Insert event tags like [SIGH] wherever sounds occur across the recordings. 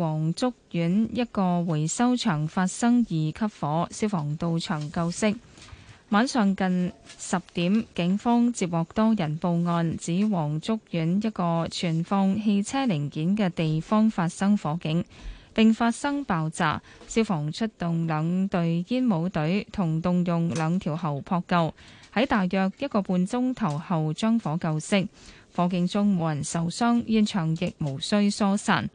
黃竹園一個回收場發生二級火，消防到場救熄。晚上近十點，警方接獲多人報案，指黃竹園一個存放汽車零件嘅地方發生火警，並發生爆炸。消防出動兩隊煙帽隊同動用兩條喉撲救，喺大約一個半鐘頭後將火救熄。火警中冇人受傷，現場亦無需疏散。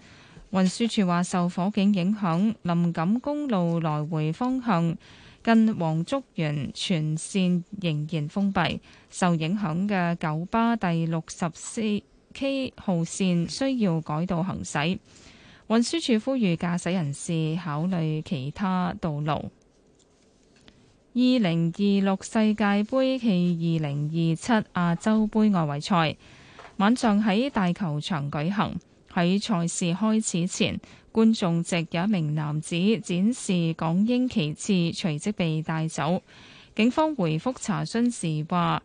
運輸處話，受火警影響，林錦公路來回方向近黃竹園全線仍然封閉，受影響嘅九巴第六十四 K 號線需要改道行駛。運輸處呼籲駕駛人士考慮其他道路。二零二六世界盃暨二零二七亞洲盃外圍賽晚上喺大球場舉行。喺賽事開始前，觀眾席有一名男子展示港英旗幟，隨即被帶走。警方回覆查詢時話：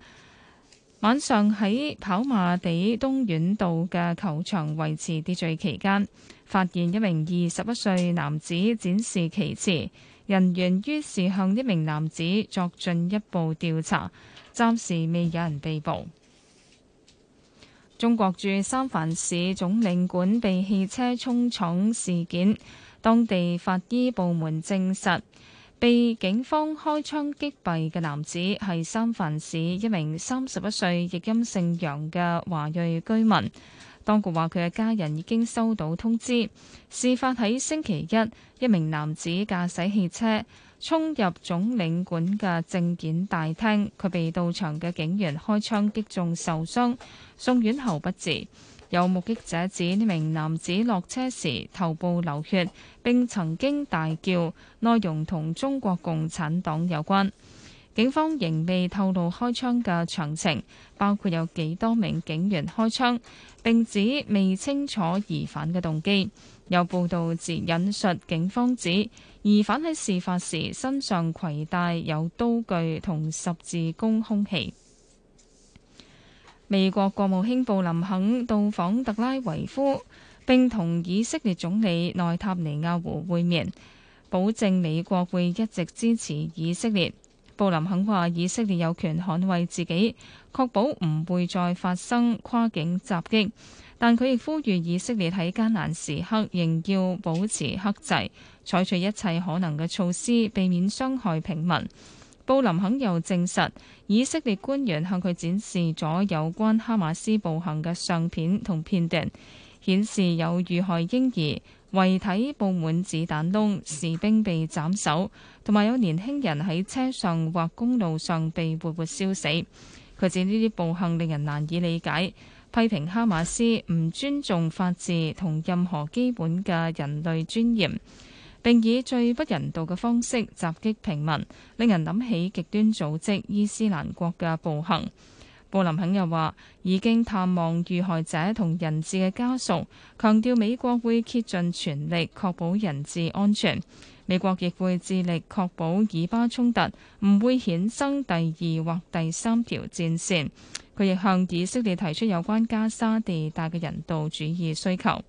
晚上喺跑馬地東院道嘅球場維持秩序期間，發現一名二十一歲男子展示旗幟，人員於是向一名男子作進一步調查，暫時未有人被捕。中國駐三藩市總領館被汽車衝撞事件，當地法醫部門證實，被警方開槍擊斃嘅男子係三藩市一名三十一歲譯音姓楊嘅華裔居民。當局話佢嘅家人已經收到通知。事發喺星期一，一名男子駕駛汽車。衝入總領館嘅證件大廳，佢被到場嘅警員開槍擊中，受傷送院後不治。有目擊者指，呢名男子落車時頭部流血，並曾經大叫，內容同中國共產黨有關。警方仍未透露開槍嘅詳情，包括有幾多名警員開槍，並指未清楚疑犯嘅動機。有報道自引述警方指，疑犯喺事發時身上攜帶有刀具同十字弓凶器。美國國務卿布林肯到訪特拉維夫，並同以色列總理內塔尼亞胡會面，保證美國會一直支持以色列。布林肯話：以色列有權捍衞自己，確保唔會再發生跨境襲擊。但佢亦呼籲以色列喺艱難時刻仍要保持克制，採取一切可能嘅措施，避免傷害平民。布林肯又證實，以色列官員向佢展示咗有關哈馬斯暴行嘅相片同片段，顯示有遇害嬰兒、遺體佈滿子彈窿、士兵被斬首，同埋有年輕人喺車上或公路上被活活燒死。佢指呢啲暴行令人難以理解。批評哈馬斯唔尊重法治同任何基本嘅人類尊嚴，並以最不人道嘅方式襲擊平民，令人諗起極端組織伊斯蘭國嘅暴行。布林肯又話已經探望遇害者同人質嘅家屬，強調美國會竭盡全力確保人質安全。美國亦會致力確保以巴衝突唔會衍生第二或第三條戰線。佢亦向以色列提出有關加沙地帶嘅人道主義需求。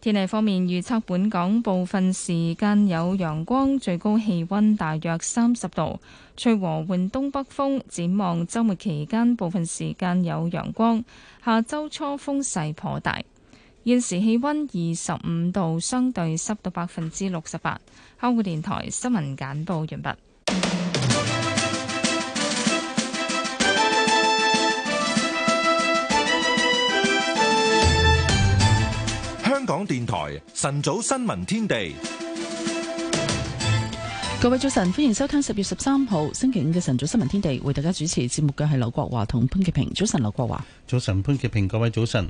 天氣方面，預測本港部分時間有陽光，最高氣温大約三十度，吹和緩東北風。展望週末期間部分時間有陽光，下週初風勢頗大。現時氣溫二十五度，相對濕度百分之六十八。香港電台新聞簡報完畢。香港電台晨早新聞天地，各位早晨，歡迎收聽十月十三號星期五嘅晨早新聞天地。為大家主持節目嘅係劉國華同潘潔平。早晨，劉國華。早晨，潘潔平。各位早晨。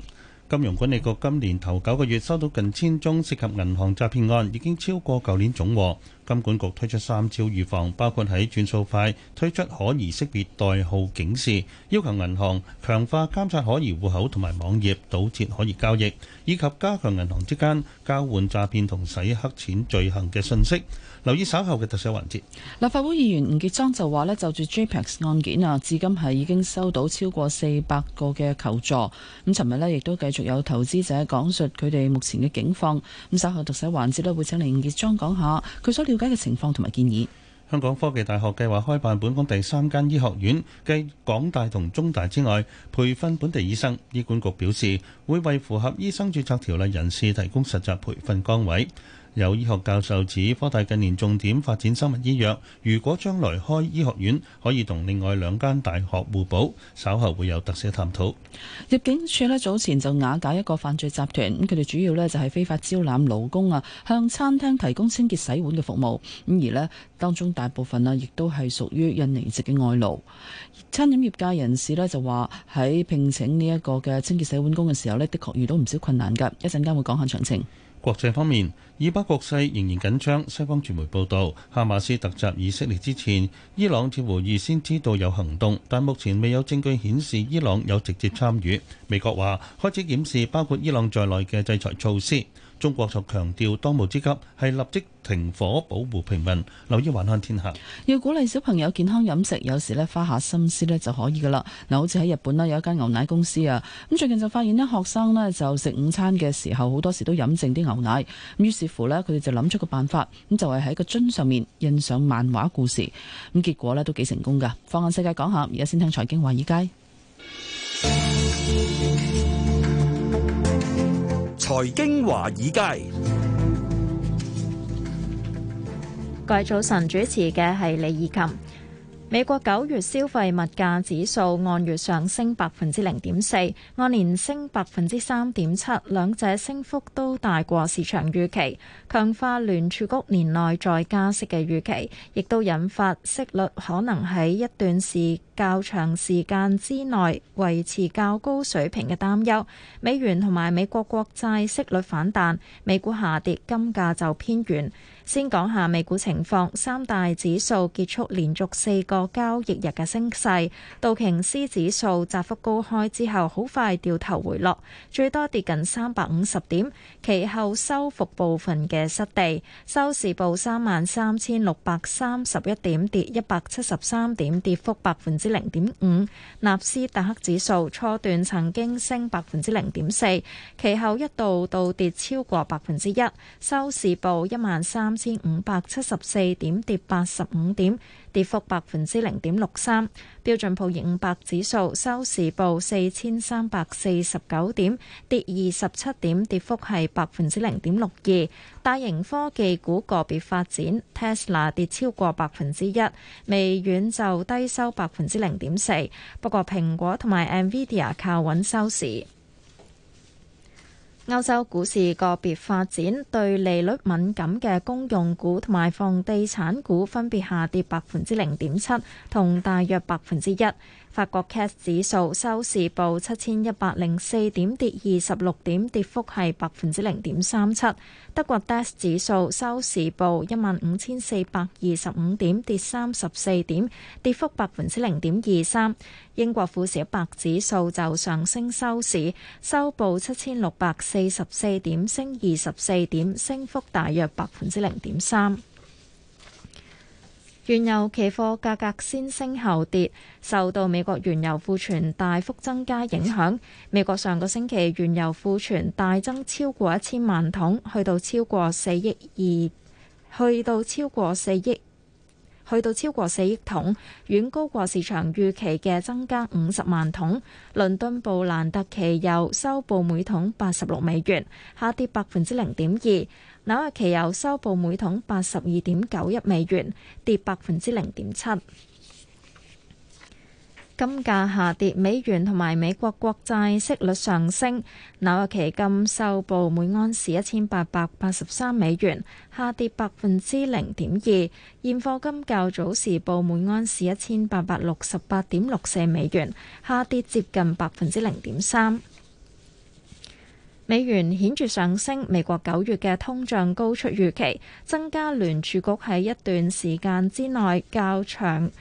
金融管理局今年頭九個月收到近千宗涉及銀行詐騙案，已經超過舊年總和。金管局推出三招預防，包括喺轉數快推出可疑識別代號警示，要求銀行強化監察可疑戶口同埋網頁堵截可疑交易，以及加強銀行之間交換詐騙同洗黑錢罪行嘅信息。留意稍後嘅特寫環節。立法會議員吳傑莊就話咧，就住 JPEX 案件啊，至今係已經收到超過四百個嘅求助。咁，尋日呢，亦都繼續有投資者講述佢哋目前嘅境況。咁稍後特寫環節呢，會請嚟吳傑莊講下佢所了解嘅情況同埋建議。香港科技大學計劃開辦本港第三間醫學院，繼港大同中大之外，培訓本地醫生。醫管局表示，會為符合醫生註冊條例人士提供實習培訓崗位。有醫學教授指，科大近年重點發展生物醫藥。如果將來開醫學院，可以同另外兩間大學互補。稍後會有特色探討。入境處咧早前就瓦解一個犯罪集團，咁佢哋主要咧就係非法招攬勞工啊，向餐廳提供清潔洗碗嘅服務。咁而咧，當中大部分啊，亦都係屬於印尼籍嘅外勞。餐飲業界人士咧就話，喺聘請呢一個嘅清潔洗碗工嘅時候咧，的確遇到唔少困難㗎。一陣間會講下詳情。國際方面，以巴局勢仍然緊張。西方傳媒報導，哈馬斯突襲以色列之前，伊朗似乎預先知道有行動，但目前未有證據顯示伊朗有直接參與。美國話開始檢視包括伊朗在內嘅制裁措施。中國就強調當務之急係立即停火，保護平民。留意環看天下，要鼓勵小朋友健康飲食，有時咧花下心思咧就可以噶啦。嗱，好似喺日本啦，有一間牛奶公司啊，咁最近就發現咧學生咧就食午餐嘅時候，好多時都飲剩啲牛奶。咁於是乎咧，佢哋就諗出個辦法，咁就係、是、喺個樽上面印上漫畫故事。咁結果咧都幾成功噶。放眼世界講下，而家先聽財經華爾街。財經華爾街，早早晨，主持嘅係李怡琴。美國九月消費物價指數按月上升百分之零點四，按年升百分之三點七，兩者升幅都大過市場預期，強化聯儲局年內再加息嘅預期，亦都引發息率可能喺一段時較長時間之內維持較高水平嘅擔憂。美元同埋美國國債息率反彈，美股下跌，金價就偏軟。先講下美股情況，三大指數結束連續四個交易日嘅升勢，道瓊斯指數窄幅高開之後，好快掉頭回落，最多跌近三百五十點，其後收復部分嘅失地，收市報三萬三千六百三十一點，跌一百七十三點，跌幅百分之零點五。納斯達克指數初段曾經升百分之零點四，其後一度倒跌超過百分之一，收市報一萬三。千五百七十四點，跌八十五點，跌幅百分之零點六三。標準普爾五百指數收市報四千三百四十九點，跌二十七點，跌幅係百分之零點六二。大型科技股個別發展，Tesla 跌超過百分之一，微軟就低收百分之零點四。不過蘋果同埋 NVIDIA 靠穩收市。歐洲股市個別發展，對利率敏感嘅公用股同埋房地產股分別下跌百分之零點七，同大約百分之一。法國 CAC 指數收市報七千一百零四點，跌二十六點，跌幅係百分之零點三七。德國 DAX 指數收市報一萬五千四百二十五點，跌三十四點，跌幅百分之零點二三。英國富時一百指數就上升收市，收報七千六百四十四點，升二十四點，升幅大約百分之零點三。原油期貨價格先升後跌，受到美國原油庫存大幅增加影響。美國上個星期原油庫存大增超過一千萬桶，去到超過四億二，去到超過四億。去到超過四億桶，遠高過市場預期嘅增加五十萬桶。倫敦布蘭特期油收報每桶八十六美元，下跌百分之零點二。紐約期油收報每桶八十二點九一美元，跌百分之零點七。金價下跌，美元同埋美國國債息率上升。紐約期金收報每盎司一千八百八十三美元，下跌百分之零點二。現貨金較早時報每盎司一千八百六十八點六四美元，下跌接近百分之零點三。美元顯著上升，美國九月嘅通脹高出預期，增加聯儲局喺一段時間之內較長。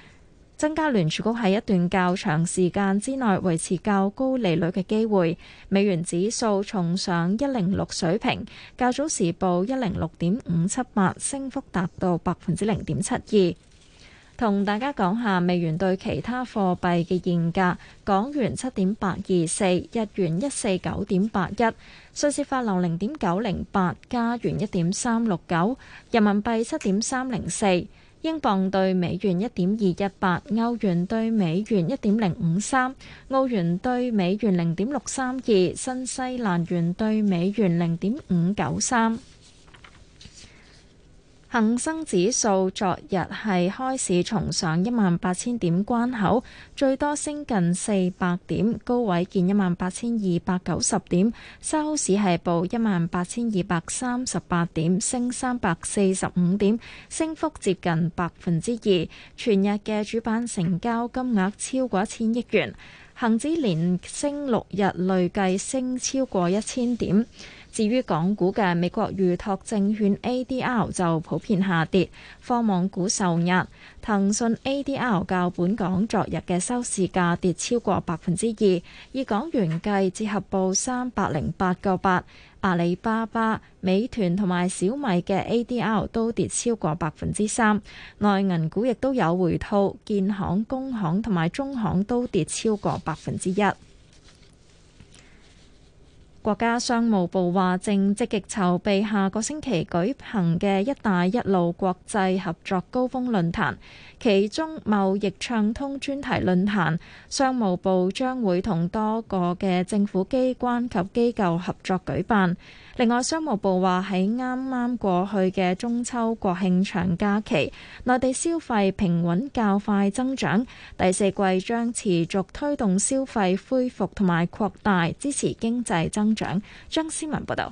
增加聯儲局喺一段較長時間之內維持較高利率嘅機會，美元指數重上一零六水平，較早時報一零六點五七八，升幅達到百分之零點七二。同大家講下美元對其他貨幣嘅現價：港元七點八二四，日元一四九點八一，瑞士法郎零點九零八，加元一點三六九，人民幣七點三零四。英鎊兌美元一點二一八，歐元兌美元一點零五三，澳元兌美元零點六三二，新西蘭元兌美元零點五九三。恒生指數昨日係開市重上一萬八千點關口，最多升近四百點，高位見一萬八千二百九十點，收市係報一萬八千二百三十八點，升三百四十五點，升幅接近百分之二。全日嘅主板成交金額超過一千億元，恒指連升六日，累計升超過一千點。至於港股嘅美國預託證券 ADR 就普遍下跌，科網股受壓，騰訊 ADR 較本港昨日嘅收市價跌超過百分之二，以港元計折合報三百零八個八。阿里巴巴、美團同埋小米嘅 ADR 都跌超過百分之三，內銀股亦都有回吐，建行、工行同埋中行都跌超過百分之一。國家商務部話正積極籌備下個星期舉行嘅“一帶一路”國際合作高峰論壇，其中貿易暢通專題論壇，商務部將會同多個嘅政府機關及機構合作舉辦。另外，商務部話喺啱啱過去嘅中秋國慶長假期，內地消費平穩較快增長，第四季將持續推動消費恢復同埋擴大，支持經濟增長。張思文報道。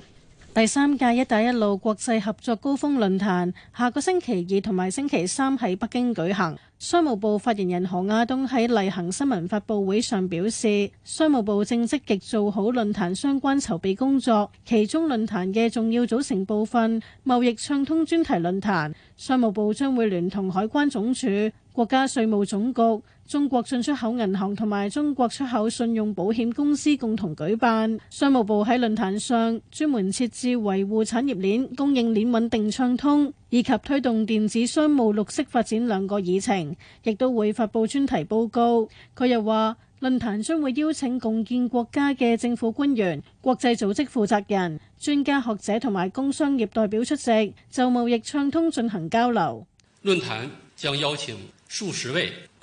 第三屆「一帶一路」國際合作高峰論壇下個星期二同埋星期三喺北京舉行。商務部發言人何亞東喺例行新聞發佈會上表示，商務部正積極做好論壇相關籌備工作，其中論壇嘅重要組成部分貿易暢通專題論壇，商務部將會聯同海關總署、國家稅務總局、中國進出口銀行同埋中國出口信用保險公司共同舉辦。商務部喺論壇上專門設置維護產業鏈供應鏈穩定暢通，以及推動電子商務綠色發展兩個議程，亦都會發布專題報告。佢又話，論壇將會邀請共建國家嘅政府官員、國際組織負責人、專家學者同埋工商業代表出席，就貿易暢通進行交流。論壇將邀請數十位。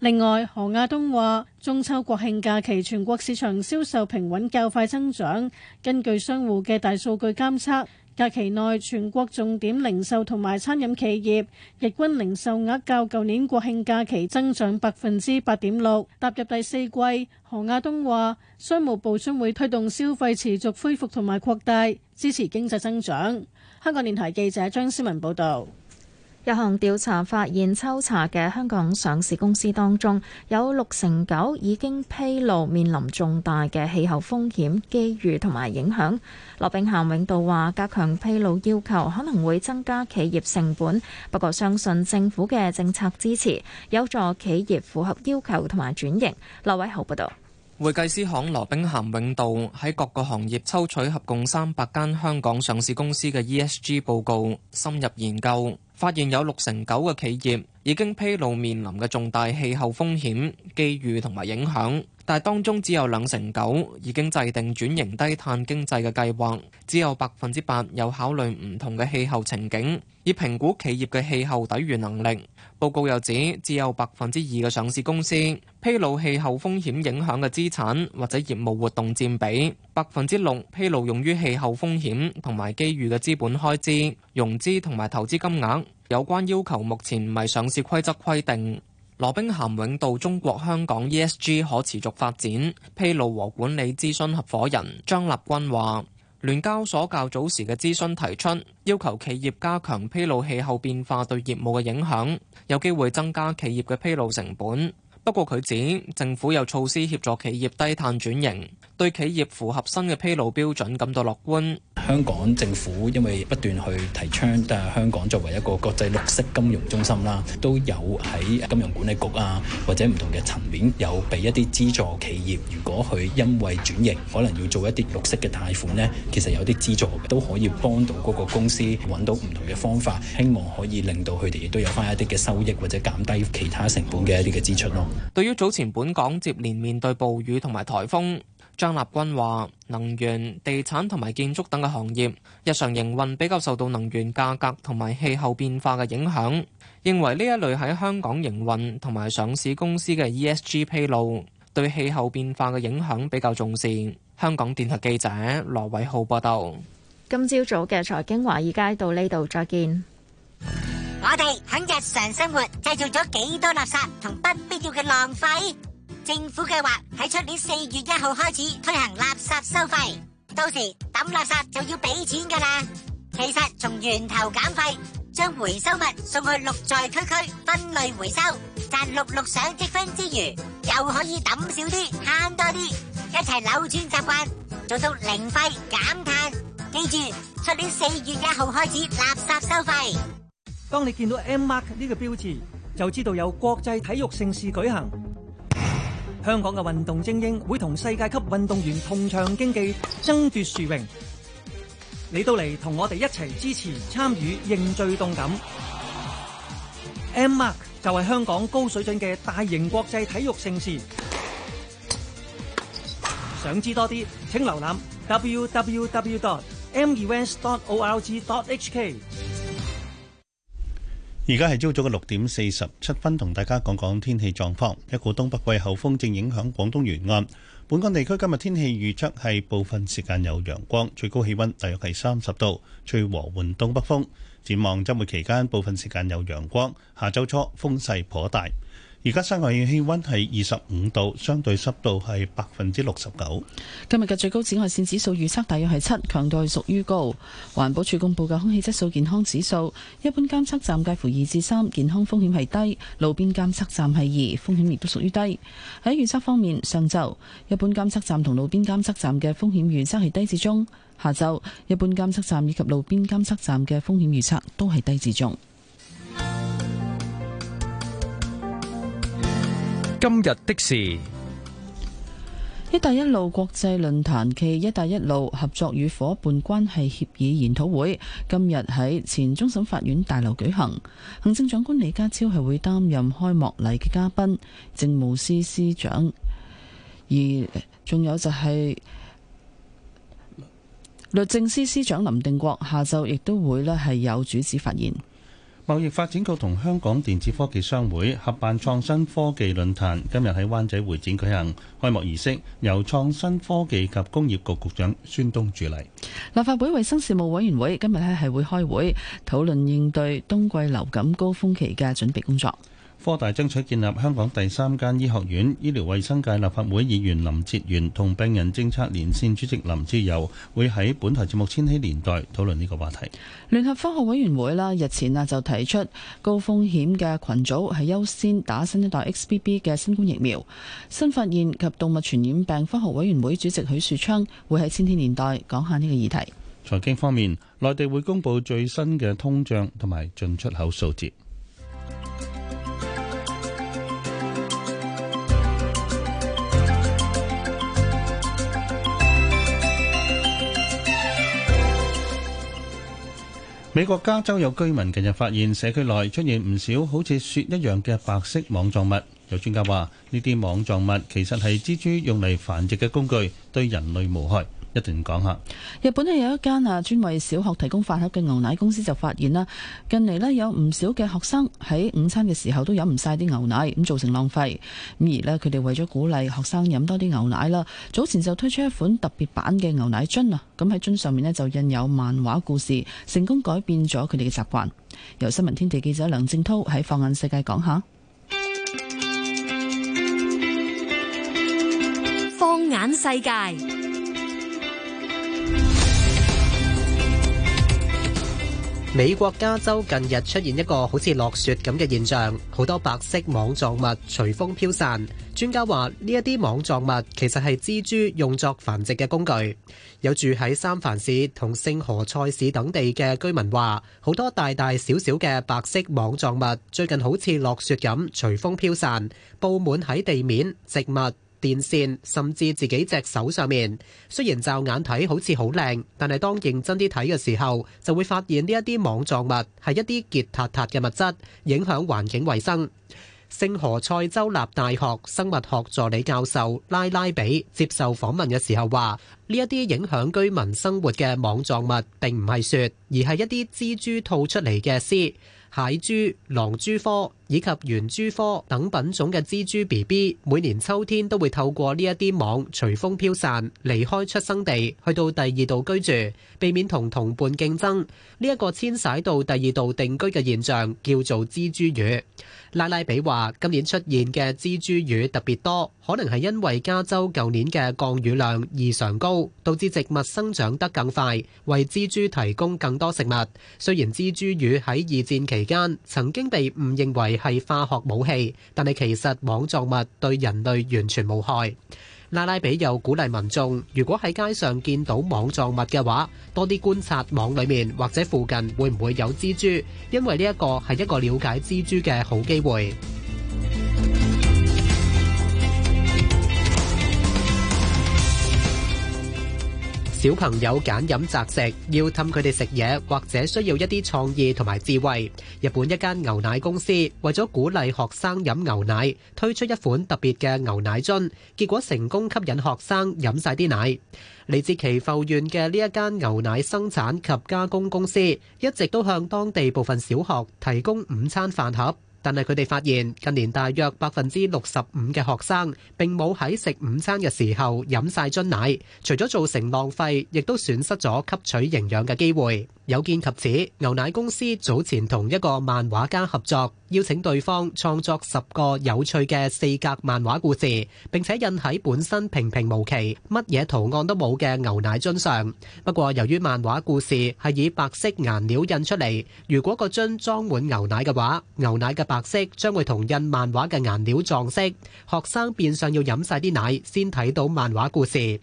另外，何亞東話中秋國慶假期全國市場銷售平穩較快增長。根據商戶嘅大數據監測，假期內全國重點零售同埋餐飲企業日均零售額較舊年國慶假期增長百分之八點六。踏入第四季，何亞東話商務部將會推動消費持續恢復同埋擴大，支持經濟增長。香港電台記者張思文報道。有項調查發現，抽查嘅香港上市公司當中有六成九已經披露面臨重大嘅氣候風險、機遇同埋影響。羅兵咸永道話：加強披露要求可能會增加企業成本，不過相信政府嘅政策支持有助企業符合要求同埋轉型。劉偉豪報導。會計師行羅兵咸永道喺各個行業抽取合共三百間香港上市公司嘅 ESG 報告，深入研究。發現有六成九嘅企業已經披露面臨嘅重大氣候風險、機遇同埋影響，但係當中只有兩成九已經制定轉型低碳經濟嘅計劃，只有百分之八有考慮唔同嘅氣候情景，以評估企業嘅氣候抵禦能力。報告又指，只有百分之二嘅上市公司披露氣候風險影響嘅資產或者業務活動佔比，百分之六披露用於氣候風險同埋機遇嘅資本開支、融資同埋投資金額。有關要求目前唔係上市規則規定。羅兵咸永道中國香港 ESG 可持續發展披露和管理諮詢合伙人張立軍話。聯交所較早時嘅諮詢提出，要求企業加強披露氣候變化對業務嘅影響，有機會增加企業嘅披露成本。不過佢指，政府有措施協助企業低碳轉型。對企業符合新嘅披露標準感到樂觀。香港政府因為不斷去提倡，但香港作為一個國際綠色金融中心啦，都有喺金融管理局啊，或者唔同嘅層面有俾一啲資助企業。如果佢因為轉型，可能要做一啲綠色嘅貸款呢，其實有啲資助都可以幫到嗰個公司揾到唔同嘅方法，希望可以令到佢哋亦都有返一啲嘅收益，或者減低其他成本嘅一啲嘅支出咯。對於早前本港接連面對暴雨同埋颱風。張立軍話：能源、地產同埋建築等嘅行業，日常營運比較受到能源價格同埋氣候變化嘅影響。認為呢一類喺香港營運同埋上市公司嘅 ESG 披露，對氣候變化嘅影響比較重視。香港電台記者羅偉浩報道。今朝早嘅財經華爾街到呢度再見。我哋喺日常生活製造咗幾多垃圾同不必要嘅浪費。政府計劃喺出年四月一號開始推行垃圾收費，到時抌垃圾就要俾錢㗎喇。其實從源頭減廢，將回收物送去綠在區區分類回收，賺綠綠賞積分之餘，又可以抌少啲慳多啲，一齊扭轉習慣，做到零廢減碳。記住，出年四月一號開始垃圾收費。當你見到 M Mark 呢個標誌，就知道有國際體育盛事舉行。香港嘅運動精英會同世界級運動員同場競技，爭奪殊榮。你到嚟同我哋一齊支持、參與、認罪動感。M Mark 就係香港高水準嘅大型國際體育盛事。想知多啲，請瀏覽 www.mevents.org.hk。而家係朝早嘅六點四十七分，同大家講講天氣狀況。一股東北季候風正影響廣東沿岸，本港地區今日天氣預測係部分時間有陽光，最高氣温大約係三十度，吹和緩東北風。展望周末期間，部分時間有陽光，下周初風勢頗大。而家室外氣溫係二十五度，相對濕度係百分之六十九。今日嘅最高紫外線指數預測大約係七，強度係屬於高。環保署公布嘅空氣質素健康指數，一般監測站介乎二至三，健康風險係低；路邊監測站係二，風險亦都屬於低。喺預測方面，上晝一般監測站同路邊監測站嘅風險預測係低至中；下晝一般監測站以及路邊監測站嘅風險預測都係低至中。今日的事，“一帶一路”國際論壇暨“一帶一路”合作與伙伴關係協議研討會今日喺前終審法院大樓舉行。行政長官李家超係會擔任開幕禮嘅嘉賓，政務司司長，而仲有就係律政司司長林定國下晝亦都會咧係有主旨發言。貿易發展局同香港電子科技商會合辦創新科技論壇，今日喺灣仔會展舉行開幕儀式，由創新科技及工業局局，局長孫東主禮。立法會衛生事務委員會今日喺係會開會討論應對冬季流感高峰期嘅準備工作。科大爭取建立香港第三間醫學院，醫療衛生界立法會議員林哲元同病人政策連線主席林志友會喺本台節目《千禧年代》討論呢個話題。聯合科學委員會啦，日前啊就提出高風險嘅群組係優先打新一代 XBB 嘅新冠疫苗。新發現及動物傳染病科學委員會主席許樹昌會喺《千禧年代》講下呢個議題。財經方面，內地會公布最新嘅通脹同埋進出口數字。美國加州有居民近日發現社區內出現唔少好似雪一樣嘅白色網狀物。有專家話，呢啲網狀物其實係蜘蛛用嚟繁殖嘅工具，對人類無害。一段講日本咧有一間啊專為小學提供飯盒嘅牛奶公司就發現啦，近嚟咧有唔少嘅學生喺午餐嘅時候都飲唔晒啲牛奶，咁造成浪費。咁而咧佢哋為咗鼓勵學生飲多啲牛奶啦，早前就推出一款特別版嘅牛奶樽啊，咁喺樽上面咧就印有漫畫故事，成功改變咗佢哋嘅習慣。由新聞天地記者梁正濤喺放眼世界講下，放眼世界。美國加州近日出現一個好似落雪咁嘅現象，好多白色網狀物隨風飄散。專家話呢一啲網狀物其實係蜘蛛用作繁殖嘅工具。有住喺三藩市同聖荷西市等地嘅居民話，好多大大小小嘅白色網狀物最近好似落雪咁隨風飄散，布滿喺地面、植物。電線甚至自己隻手上面，雖然驟眼睇好似好靚，但係當認真啲睇嘅時候，就會發現呢一啲網狀物係一啲結塔塔嘅物質，影響環境衞生。聖何塞州立大學生物學助理教授拉拉比接受訪問嘅時候話：呢一啲影響居民生活嘅網狀物並唔係雪，而係一啲蜘蛛吐出嚟嘅絲，蟹蛛、狼蛛科，以及圓蛛科等品種嘅蜘蛛 B B，每年秋天都會透過呢一啲網隨風飄散，離開出生地去到第二度居住，避免同同伴競爭。呢一個遷徙到第二度定居嘅現象叫做蜘蛛雨，拉拉比話今年出現嘅蜘蛛雨特別多，可能係因為加州舊年嘅降雨量異常高，導致植物生長得更快，為蜘蛛提供更多食物。雖然蜘蛛雨喺二戰期間曾經被誤認為。係化學武器，但係其實網狀物對人類完全無害。拉拉比又鼓勵民眾，如果喺街上見到網狀物嘅話，多啲觀察網裏面或者附近會唔會有蜘蛛，因為呢一個係一個了解蜘蛛嘅好機會。小朋友揀飲擇食，要氹佢哋食嘢，或者需要一啲創意同埋智慧。日本一間牛奶公司為咗鼓勵學生飲牛奶，推出一款特別嘅牛奶樽，結果成功吸引學生飲晒啲奶。嚟自岐阜縣嘅呢一間牛奶生產及加工公司，一直都向當地部分小學提供午餐飯盒。但係佢哋發現，近年大約百分之六十五嘅學生並冇喺食午餐嘅時候飲曬樽奶，除咗造成浪費，亦都損失咗吸取營養嘅機會。有見及此，牛奶公司早前同一個漫畫家合作，邀請對方創作十個有趣嘅四格漫畫故事，並且印喺本身平平無奇、乜嘢圖案都冇嘅牛奶樽上。不過，由於漫畫故事係以白色顏料印出嚟，如果個樽裝滿牛奶嘅話，牛奶嘅白色將會同印漫畫嘅顏料撞色，學生變相要飲晒啲奶先睇到漫畫故事。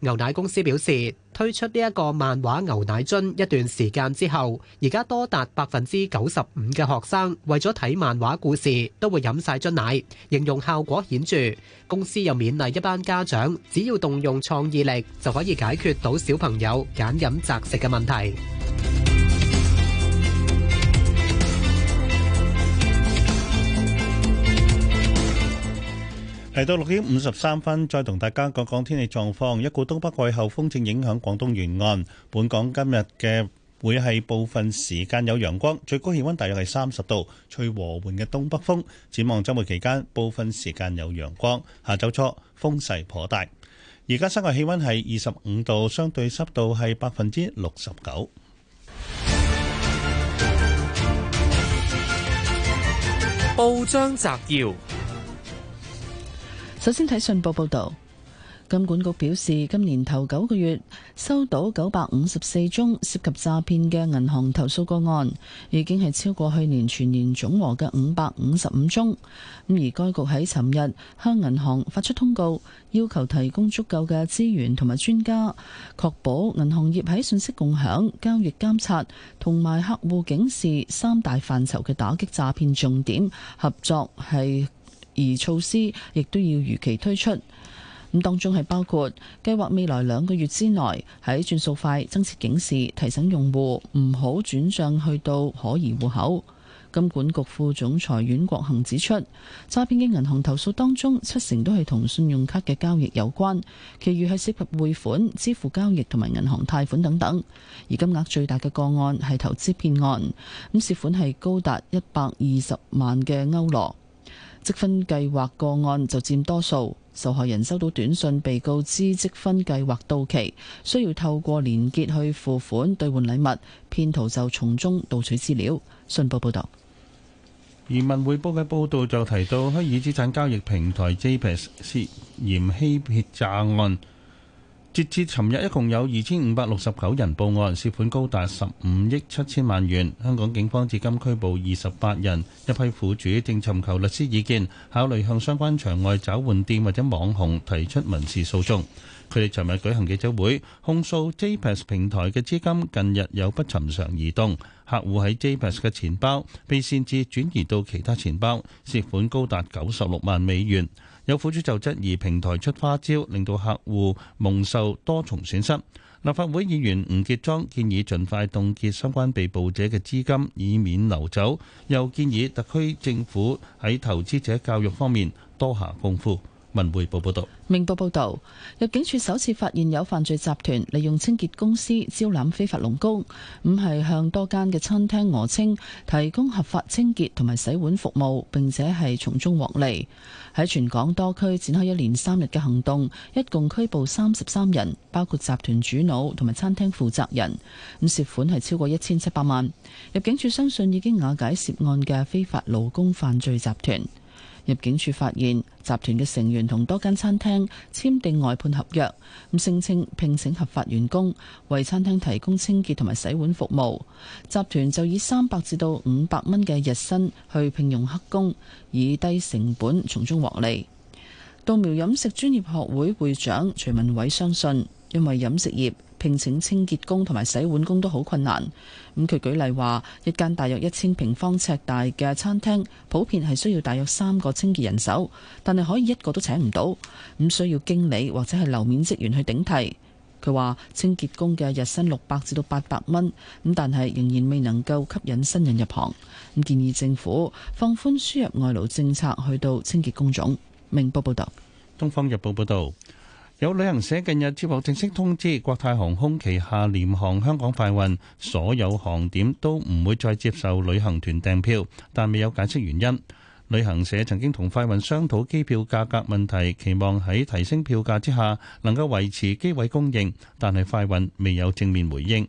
牛奶公司表示，推出呢一個漫畫牛奶樽一段時間之後，而家多達百分之九十五嘅學生為咗睇漫畫故事都會飲晒樽奶，形容效果顯著。公司又勉勵一班家長，只要動用創意力就可以解決到小朋友揀飲擇食嘅問題。嚟到六點五十三分，再同大家講講天氣狀況。一股東北季候風正影響廣東沿岸，本港今日嘅會係部分時間有陽光，最高氣溫大約係三十度，吹和緩嘅東北風。展望周末期間，部分時間有陽光。下周初風勢頗大。而家室外氣溫係二十五度，相對濕度係百分之六十九。報章摘要。首先睇信報報導，金管局表示，今年頭九個月收到九百五十四宗涉及詐騙嘅銀行投訴個案，已經係超過去年全年總和嘅五百五十五宗。咁而該局喺尋日向銀行發出通告，要求提供足夠嘅資源同埋專家，確保銀行業喺信息共享、交易監察同埋客戶警示三大範疇嘅打擊詐騙重點合作係。而措施亦都要如期推出。咁當中係包括計劃未來兩個月之內喺轉數快增設警示，提醒用戶唔好轉賬去到可疑戶口。金管局副總裁阮國恒指出，詐騙嘅銀行投訴當中七成都係同信用卡嘅交易有關，其餘係涉及匯款、支付交易同埋銀行貸款等等。而金額最大嘅個案係投資騙案，咁涉款係高達一百二十萬嘅歐羅。積分計劃個案就佔多數，受害人收到短信被告知積分計劃到期，需要透過連結去付款兌換禮物，騙徒就從中盜取資料。信報報道，而文匯報嘅報道就提到虛擬資產交易平台 JPS 涉嫌欺詐案。截至尋日，一共有二千五百六十九人報案，涉款高達十五億七千萬元。香港警方至今拘捕二十八人，一批苦主正尋求律師意見，考慮向相關場外找換店或者網紅提出民事訴訟。佢哋尋日舉行記者會，控訴 JPEX 平台嘅資金近日有不尋常移動，客戶喺 JPEX 嘅錢包被擅自轉移到其他錢包，涉款高達九十六萬美元。有苦主就質疑平台出花招，令到客戶蒙受多重損失。立法會議員吳傑莊建議盡快凍結相關被捕者嘅資金，以免流走。又建議特區政府喺投資者教育方面多下功夫。文匯報報道，明報報道，入境處首次發現有犯罪集團利用清潔公司招攬非法勞工，咁係向多間嘅餐廳訛稱提供合法清潔同埋洗碗服務，並且係從中獲利。喺全港多區展開一連三日嘅行動，一共拘捕三十三人，包括集團主腦同埋餐廳負責人，咁涉款係超過一千七百萬。入境處相信已經瓦解涉案嘅非法勞工犯罪集團。入境處發現集團嘅成員同多間餐廳簽訂外判合約，咁聲稱聘請合法員工為餐廳提供清潔同埋洗碗服務。集團就以三百至到五百蚊嘅日薪去聘用黑工，以低成本從中獲利。稻苗飲食專業學會會長徐文偉相信，因為飲食業聘請清潔工同埋洗碗工都好困難。咁佢舉例話，一間大約一千平方尺大嘅餐廳，普遍係需要大約三個清潔人手，但係可以一個都請唔到，咁需要經理或者係樓面職員去頂替。佢話，清潔工嘅日薪六百至到八百蚊，咁但係仍然未能夠吸引新人入行。咁建議政府放寬輸入外勞政策去到清潔工種。明報報道。東方日報報道。有旅行社近日接獲正式通知，國泰航空旗下廉航香港快運所有航點都唔會再接受旅行團訂票，但未有解釋原因。旅行社曾經同快運商討機票價格問題，期望喺提升票價之下能夠維持機位供應，但係快運未有正面回應。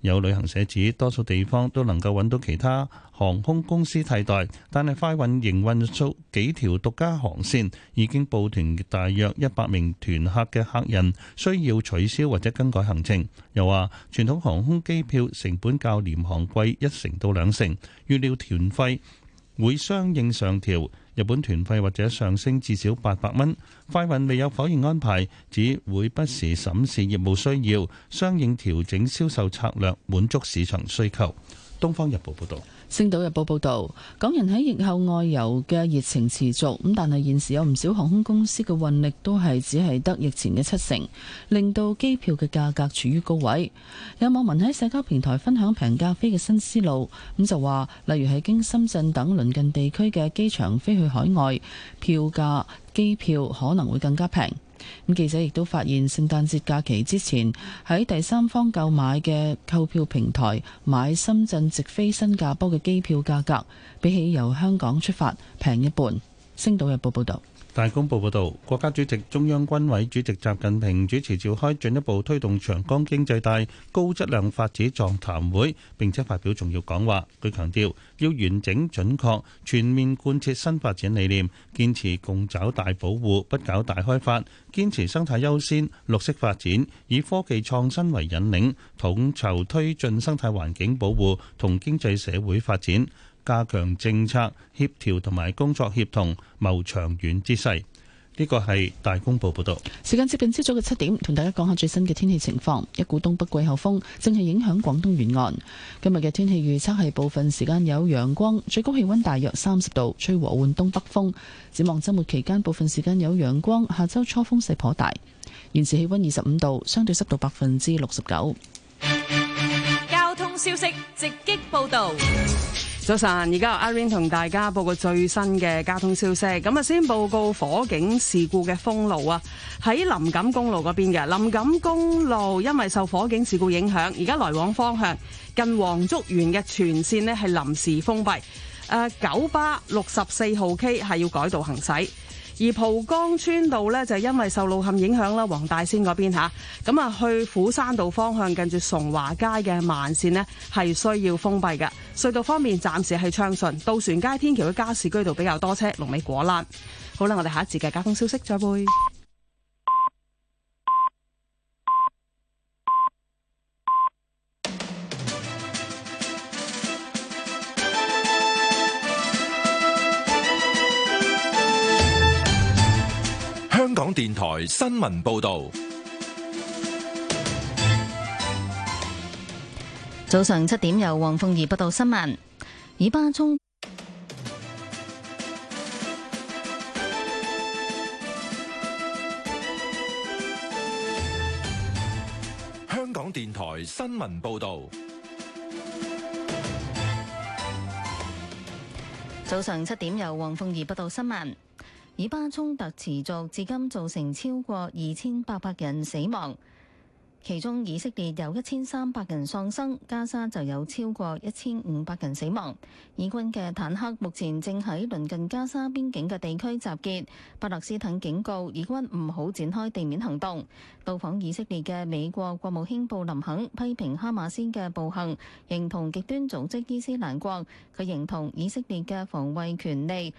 有旅行社指，多數地方都能夠搵到其他。航空公司替代，但係快運營運數，數幾條獨家航線已經報團，大約一百名團客嘅客人需要取消或者更改行程。又話傳統航空機票成本較廉航貴一成到兩成，預料團費會相應上調。日本團費或者上升至少八百蚊。快運未有否認安排，只會不時審視業務需要，相應調整銷售策略，滿足市場需求。《東方日報》報導。星島日報報道，港人喺疫後外遊嘅熱情持續，咁但係現時有唔少航空公司嘅運力都係只係得疫前嘅七成，令到機票嘅價格處於高位。有網民喺社交平台分享平價飛嘅新思路，咁就話，例如喺經深圳等鄰近地區嘅機場飛去海外，票價機票可能會更加平。咁記者亦都發現，聖誕節假期之前喺第三方購買嘅購票平台買深圳直飛新加坡嘅機票價格，比起由香港出發平一半。星島日報報導。大公報報導，國家主席、中央軍委主席習近平主持召開進一步推動長江經濟帶高質量發展座談會，並且發表重要講話。佢強調要完整準確全面貫徹新發展理念，堅持共抓大保護、不搞大開發，堅持生態優先、綠色發展，以科技創新為引領，統籌推進生態環境保護同經濟社會發展。加強政策協調同埋工作協同謀長遠之勢，呢個係大公報報道。時間接近朝早嘅七點，同大家講下最新嘅天氣情況。一股東北季候風正係影響廣東沿岸。今日嘅天氣預測係部分時間有陽光，最高氣温大約三十度，吹和緩東北風。展望周末期間，部分時間有陽光，下周初風勢頗大。現時氣温二十五度，相對濕度百分之六十九。交通消息直擊報道。早晨，而家阿 Irene 同大家報個最新嘅交通消息。咁啊，先報告火警事故嘅封路啊，喺林錦公路嗰邊嘅林錦公路，因為受火警事故影響，而家來往方向近黃竹園嘅全線呢係臨時封閉。誒，九巴六十四號 K 係要改道行駛。而蒲崗村道咧就係因為受路陷影響啦，黃大仙嗰邊吓，咁啊去斧山道方向近住崇華街嘅慢線呢，係需要封閉嘅。隧道方面暫時係暢順，渡船街天橋嘅加士居道比較多車，龍尾果欄。好啦，我哋下一節嘅交通消息再會。香港電台新聞報道，早上七點由黃鳳儀報道新聞。而巴中，香港電台新聞報道，早上七點由黃鳳儀、哎、報道不到新聞。以巴衝突持續至今，造成超過二千八百人死亡，其中以色列有一千三百人喪生，加沙就有超過一千五百人死亡。以軍嘅坦克目前正喺鄰近加沙邊境嘅地區集結。巴勒斯坦警告以軍唔好展開地面行動。到訪以色列嘅美國國務卿布林肯批評哈馬斯嘅暴行，認同極端組織伊斯蘭國，佢認同以色列嘅防衛權利。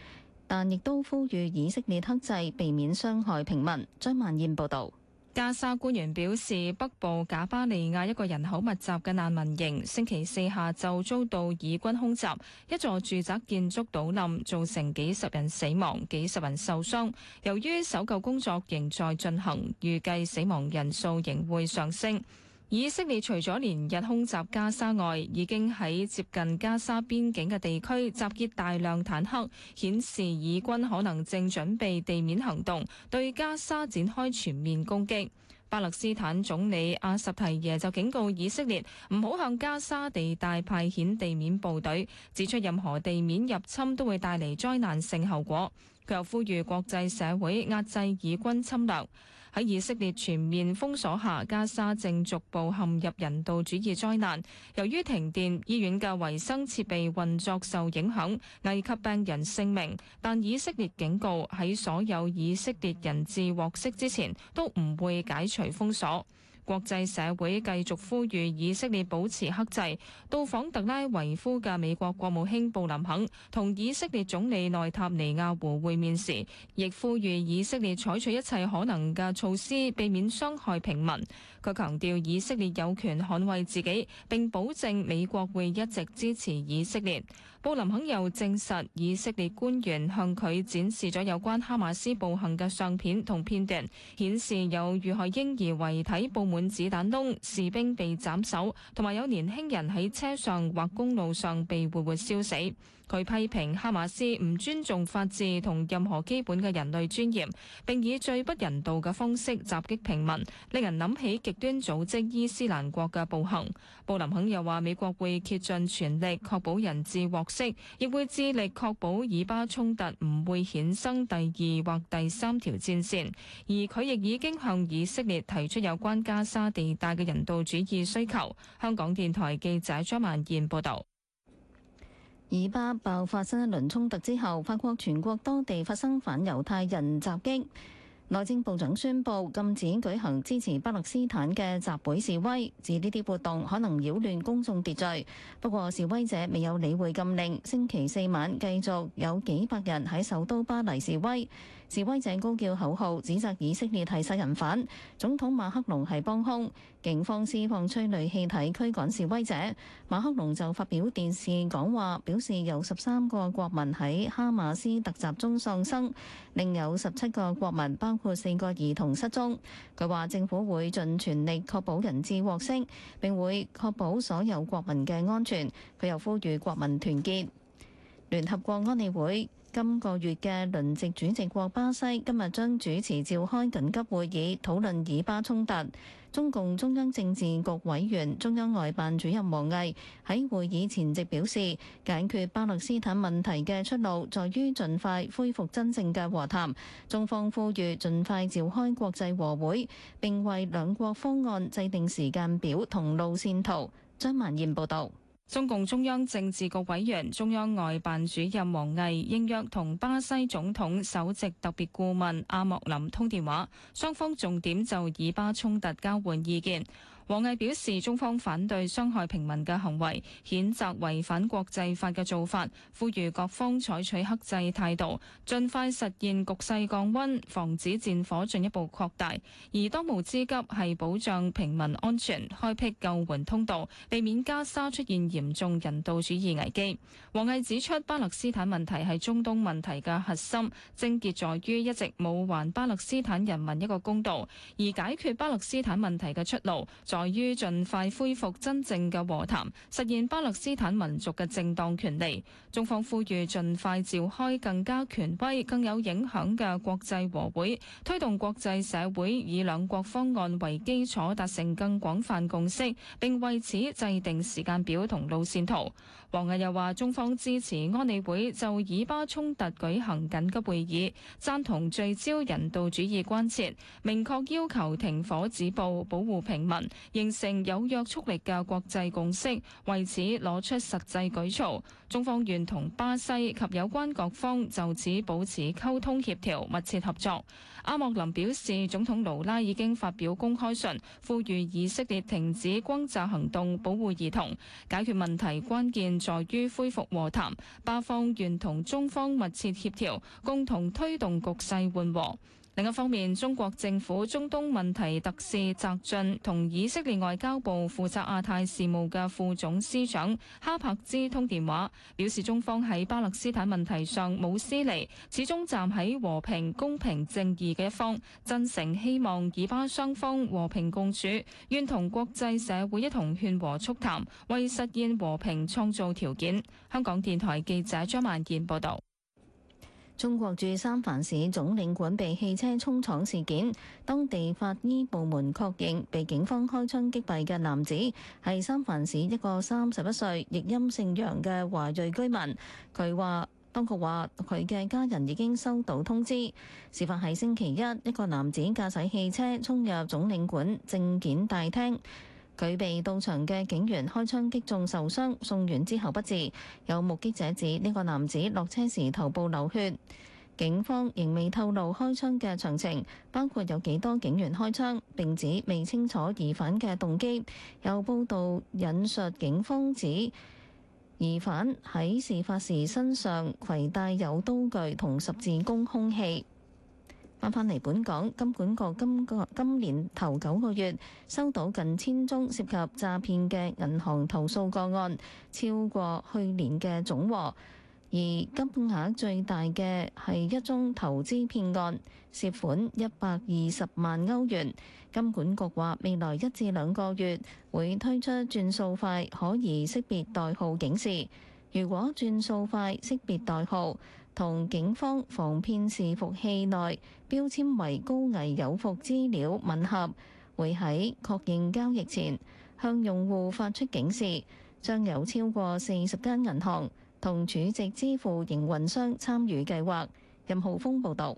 但亦都呼籲以色列克制，避免傷害平民。張萬燕報道。加沙官員表示，北部賈巴利亞一個人口密集嘅難民營，星期四下晝遭到以軍空襲，一座住宅建築倒冧，造成幾十人死亡，幾十人受傷。由於搜救工作仍在進行，預計死亡人數仍會上升。以色列除咗連日空襲加沙外，已經喺接近加沙邊境嘅地區集結大量坦克，顯示以軍可能正準備地面行動，對加沙展開全面攻擊。巴勒斯坦總理阿什提耶就警告以色列唔好向加沙地帶派遣地面部隊，指出任何地面入侵都會帶嚟災難性後果。佢又呼籲國際社會壓制以軍侵略。喺以色列全面封鎖下，加沙正逐步陷入人道主義災難，由於停電，醫院嘅維生設備運作受影響，危及病人性命。但以色列警告喺所有以色列人質獲釋之前，都唔會解除封鎖。國際社會繼續呼籲以色列保持克制。到訪特拉維夫嘅美國國務卿布林肯同以色列總理內塔尼亞胡會面時，亦呼籲以色列採取一切可能嘅措施，避免傷害平民。佢強調，以色列有權捍衛自己，並保證美國會一直支持以色列。布林肯又證實，以色列官員向佢展示咗有關哈馬斯暴行嘅相片同片段，顯示有遇害嬰兒遺體布滿子彈窿，士兵被斬首，同埋有年輕人喺車上或公路上被活活燒死。佢批評哈馬斯唔尊重法治同任何基本嘅人類尊嚴，並以最不人道嘅方式襲擊平民，令人諗起極端組織伊斯蘭國嘅暴行。布林肯又話：美國會竭盡全力確保人質獲釋，亦會致力確保以巴衝突唔會衍生第二或第三條戰線。而佢亦已經向以色列提出有關加沙地帶嘅人道主義需求。香港電台記者張曼燕報導。以巴爆發新一輪衝突之後，法國全國多地發生反猶太人襲擊。內政部長宣布禁止舉行支持巴勒斯坦嘅集會示威，指呢啲活動可能擾亂公眾秩序。不過示威者未有理會禁令，星期四晚繼續有幾百人喺首都巴黎示威。示威者高叫口號，指責以色列係殺人犯，總統馬克龍係幫兇。警方施放催淚氣體驅趕示威者，馬克龍就發表電視講話，表示有十三個國民喺哈馬斯突襲中喪生，另有十七個國民，包括四個兒童失蹤，佢話政府會盡全力確保人質獲釋，並會確保所有國民嘅安全。佢又呼籲國民團結。聯合國安理會。今個月嘅輪值主席國巴西今日將主持召開緊急會議，討論以巴衝突。中共中央政治局委員、中央外辦主任王毅喺會議前夕表示，解決巴勒斯坦問題嘅出路，在於盡快恢復真正嘅和談。中方呼籲盡快召開國際和會，並為兩國方案制定時間表同路線圖。張曼燕報導。中共中央政治局委員、中央外辦主任王毅應約同巴西總統首席特別顧問阿莫林通電話，雙方重點就以巴衝突交換意見。王毅表示，中方反對傷害平民嘅行為，譴責違反國際法嘅做法，呼籲各方採取克制態度，盡快實現局勢降温，防止戰火進一步擴大。而當務之急係保障平民安全，開闢救援通道，避免加沙出現嚴重人道主義危機。王毅指出，巴勒斯坦問題係中東問題嘅核心，症結在於一直冇還巴勒斯坦人民一個公道。而解決巴勒斯坦問題嘅出路，在在於盡快恢復真正嘅和談，實現巴勒斯坦民族嘅正當權利。中方呼籲盡快召開更加權威、更有影響嘅國際和會，推動國際社會以兩國方案為基礎達成更廣泛共識，並為此制定時間表同路線圖。王毅又話：中方支持安理會就以巴衝突舉行緊急會議，贊同聚焦人道主義關切，明確要求停火止暴、保護平民，形成有約束力嘅國際共識，為此攞出實際舉措。中方願同巴西及有關各方就此保持溝通協調，密切合作。阿莫林表示，總統盧拉已經發表公開信，呼籲以色列停止轟炸行動，保護兒童。解決問題關鍵在於恢復和談，巴方願同中方密切協調，共同推動局勢緩和。另一方面，中國政府中東問題特使澤俊同以色列外交部負責亞太事務嘅副總司長哈柏茲通電話，表示中方喺巴勒斯坦問題上冇私利，始終站喺和平、公平、正義嘅一方，真誠希望以巴雙方和平共處，願同國際社會一同勸和促談，為實現和平創造條件。香港電台記者張萬健報道。中國駐三藩市總領館被汽車衝撞事件，當地法醫部門確認被警方開槍擊斃嘅男子係三藩市一個三十一歲、譯音姓楊嘅華裔居民。佢話，當局話佢嘅家人已經收到通知。事發喺星期一，一個男子駕駛汽車衝入總領館證件大廳。佢被到場嘅警員開槍擊中，受傷送院之後不治。有目擊者指呢個男子落車時頭部流血。警方仍未透露開槍嘅詳情，包括有幾多警員開槍，並指未清楚疑犯嘅動機。有報道引述警方指，疑犯喺事發時身上攜帶有刀具同十字弓凶器。翻返嚟本港，金管局今個今年頭九個月收到近千宗涉及詐騙嘅銀行投訴個案，超過去年嘅總和。而金額最大嘅係一宗投資騙案，涉款一百二十萬歐元。金管局話未來一至兩個月會推出轉數快，可疑識別代號警示。如果轉數快識別代號，同警方防騙視伏器內標籤為高危有伏資料吻合，會喺確認交易前向用戶發出警示。將有超過四十間銀行同儲值支付營運商參與計劃。任浩峰報導。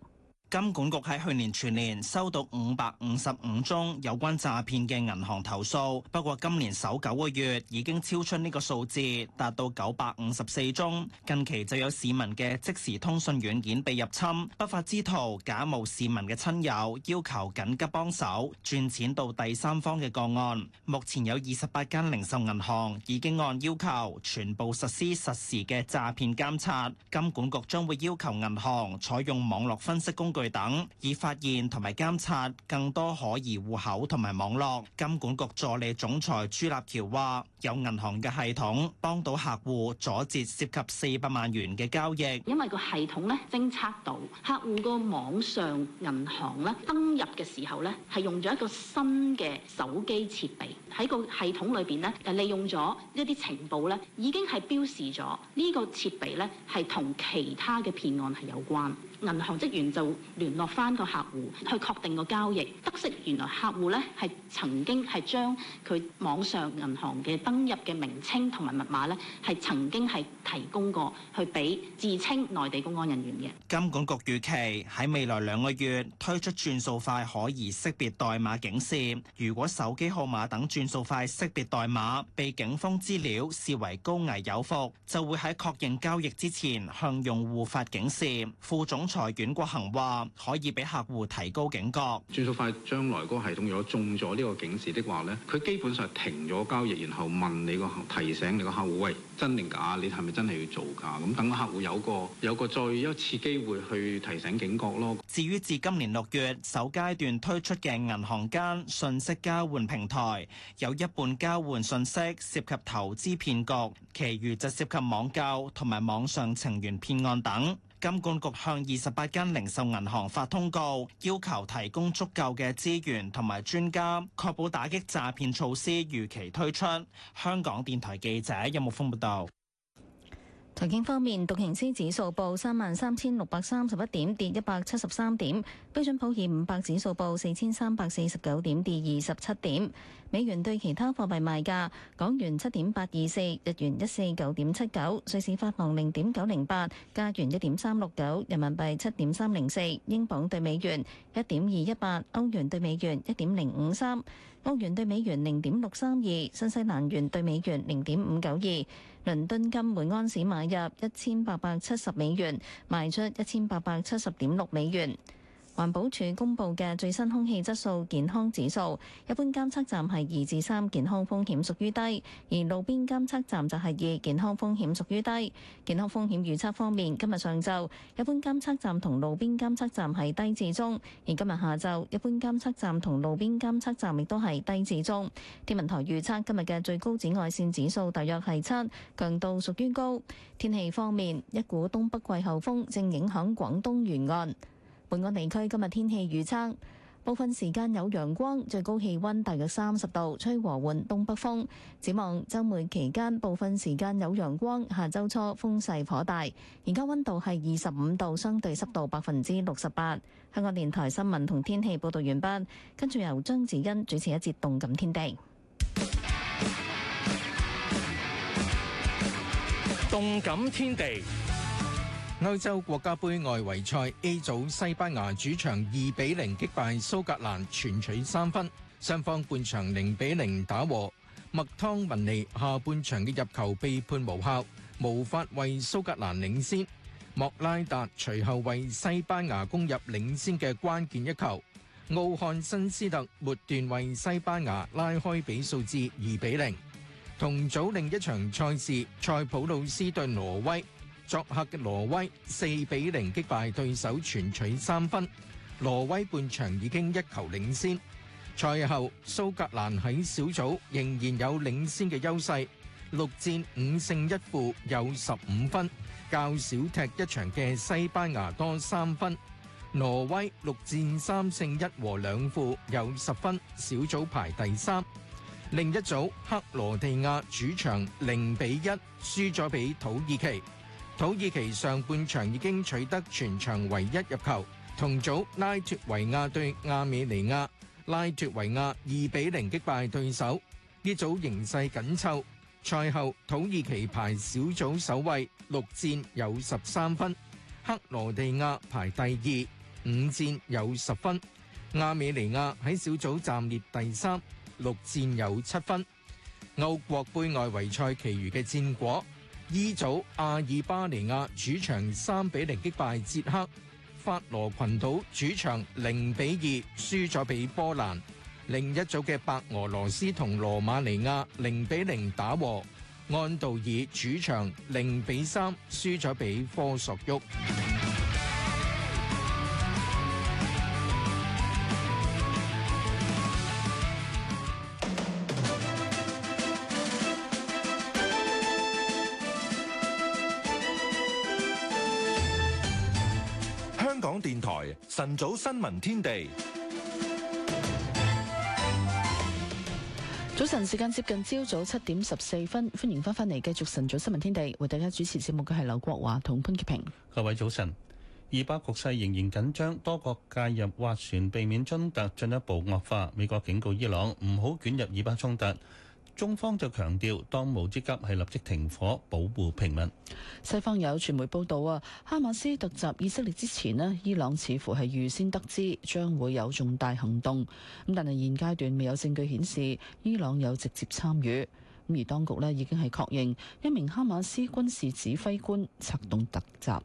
金管局喺去年全年收到五百五十五宗有關詐騙嘅銀行投訴，不過今年首九個月已經超出呢個數字，達到九百五十四宗。近期就有市民嘅即時通訊軟件被入侵，不法之徒假冒市民嘅親友，要求緊急幫手轉錢到第三方嘅個案。目前有二十八間零售銀行已經按要求全部實施實時嘅詐騙監察。金管局將會要求銀行採用網絡分析工具。等以發現同埋監察更多可疑戶口同埋網絡。金管局助理總裁朱立橋話，有銀行嘅系統幫到客戶阻截涉及四百萬元嘅交易，因為個系統咧偵測到客戶個網上銀行咧登入嘅時候咧係用咗一個新嘅手機設備，喺個系統裏邊咧就利用咗一啲情報咧已經係標示咗呢個設備咧係同其他嘅騙案係有關。銀行職員就聯絡翻個客戶去確定個交易，得悉原來客戶咧係曾經係將佢網上銀行嘅登入嘅名稱同埋密碼咧係曾經係提供過去俾自稱內地公安人員嘅。金管局預期喺未來兩個月推出轉數快可疑識別代碼警示，如果手機號碼等轉數快識別代碼被警方資料視為高危有伏，就會喺確認交易之前向用戶發警示。副總。財院國恒話：可以俾客戶提高警覺。轉數快將來嗰個系統，如果中咗呢個警示的話咧，佢基本上係停咗交易，然後問你個提醒你個客戶：喂，真定假？你係咪真係要做㗎？咁等個客戶有個有個再一次機會去提醒警覺咯。至於自今年六月首階段推出嘅銀行間信息交換平台，有一半交換信息涉及投資騙局，其餘就涉及網購同埋網上情緣騙案等。金管局向二十八間零售銀行發通告，要求提供足夠嘅資源同埋專家，確保打擊詐騙措施如期推出。香港電台記者任木豐報道。財經方面，道瓊斯指數報三萬三千六百三十一點，跌一百七十三點；標準普爾五百指數報四千三百四十九點，跌二十七點。美元對其他貨幣賣價：港元七點八二四，日元一四九點七九，瑞士法郎零點九零八，加元一點三六九，人民幣七點三零四，英鎊對美元一點二一八，歐元對美元一點零五三，澳元對美元零點六三二，新西蘭元對美元零點五九二。倫敦金每安士買入一千八百七十美元，賣出一千八百七十點六美元。環保署公布嘅最新空氣質素健康指數，一般監測站係二至三，健康風險屬於低；而路邊監測站就係二，健康風險屬於低。健康風險預測方面，今日上晝一般監測站同路邊監測站係低至中，而今日下晝一般監測站同路邊監測站亦都係低至中。天文台預測今日嘅最高紫外線指數大約係七，強度屬於高。天氣方面，一股東北季候風正影響廣東沿岸。本港地區今日天氣預測，部分時間有陽光，最高氣温大約三十度，吹和緩東北風。展望週末期間，部分時間有陽光。下周初風勢頗大。而家溫度係二十五度，相對濕度百分之六十八。香港電台新聞同天氣報導完畢，跟住由張子欣主持一節《動感天地》。動感天地。歐洲國家盃外圍賽 A 組，西班牙主場2比0擊敗蘇格蘭，全取三分。雙方半場0比0打和，麥湯文尼下半場嘅入球被判無效，無法為蘇格蘭領先。莫拉達隨後為西班牙攻入領先嘅關鍵一球。奧漢辛斯特末段為西班牙拉開比數至2比0。同組另一場賽事，塞浦路斯對挪威。作客嘅挪威四比零擊敗對手，全取三分。挪威半場已經一球領先。賽後蘇格蘭喺小組仍然有領先嘅優勢，六戰五勝一負，有十五分，較少踢一場嘅西班牙多三分。挪威六戰三勝一和兩負，有十分，小組排第三。另一組克羅地亞主場零比一輸咗俾土耳其。土耳其上半場已經取得全場唯一入球。同組拉脫維亞對亞美尼亞，拉脫維亞2比0擊敗對手，呢組形勢緊湊。賽後土耳其排小組首位，六戰有13分；克羅地亞排第二，五戰有10分；亞美尼亞喺小組暫列第三，六戰有7分。歐國杯外圍賽其餘嘅戰果。E 組阿爾巴尼亞主場三比零擊敗捷克，法羅群島主場零比二輸咗畀波蘭。另一組嘅白俄羅斯同羅馬尼亞零比零打和，安道爾主場零比三輸咗畀科索沃。晨早新聞天地，早晨時間接近朝早七點十四分，歡迎翻返嚟繼續晨早新聞天地，為大家主持節目嘅係劉國華同潘潔平。各位早晨，以巴局勢仍然緊張，多國介入斡旋，避免衝突進一步惡化。美國警告伊朗唔好捲入以巴衝突。中方就強調，當務之急係立即停火，保護平民。西方有傳媒報道啊，哈馬斯突襲以色列之前呢，伊朗似乎係預先得知將會有重大行動。咁但係現階段未有證據顯示伊朗有直接參與。咁而當局呢，已經係確認一名哈馬斯軍事指揮官策動突襲。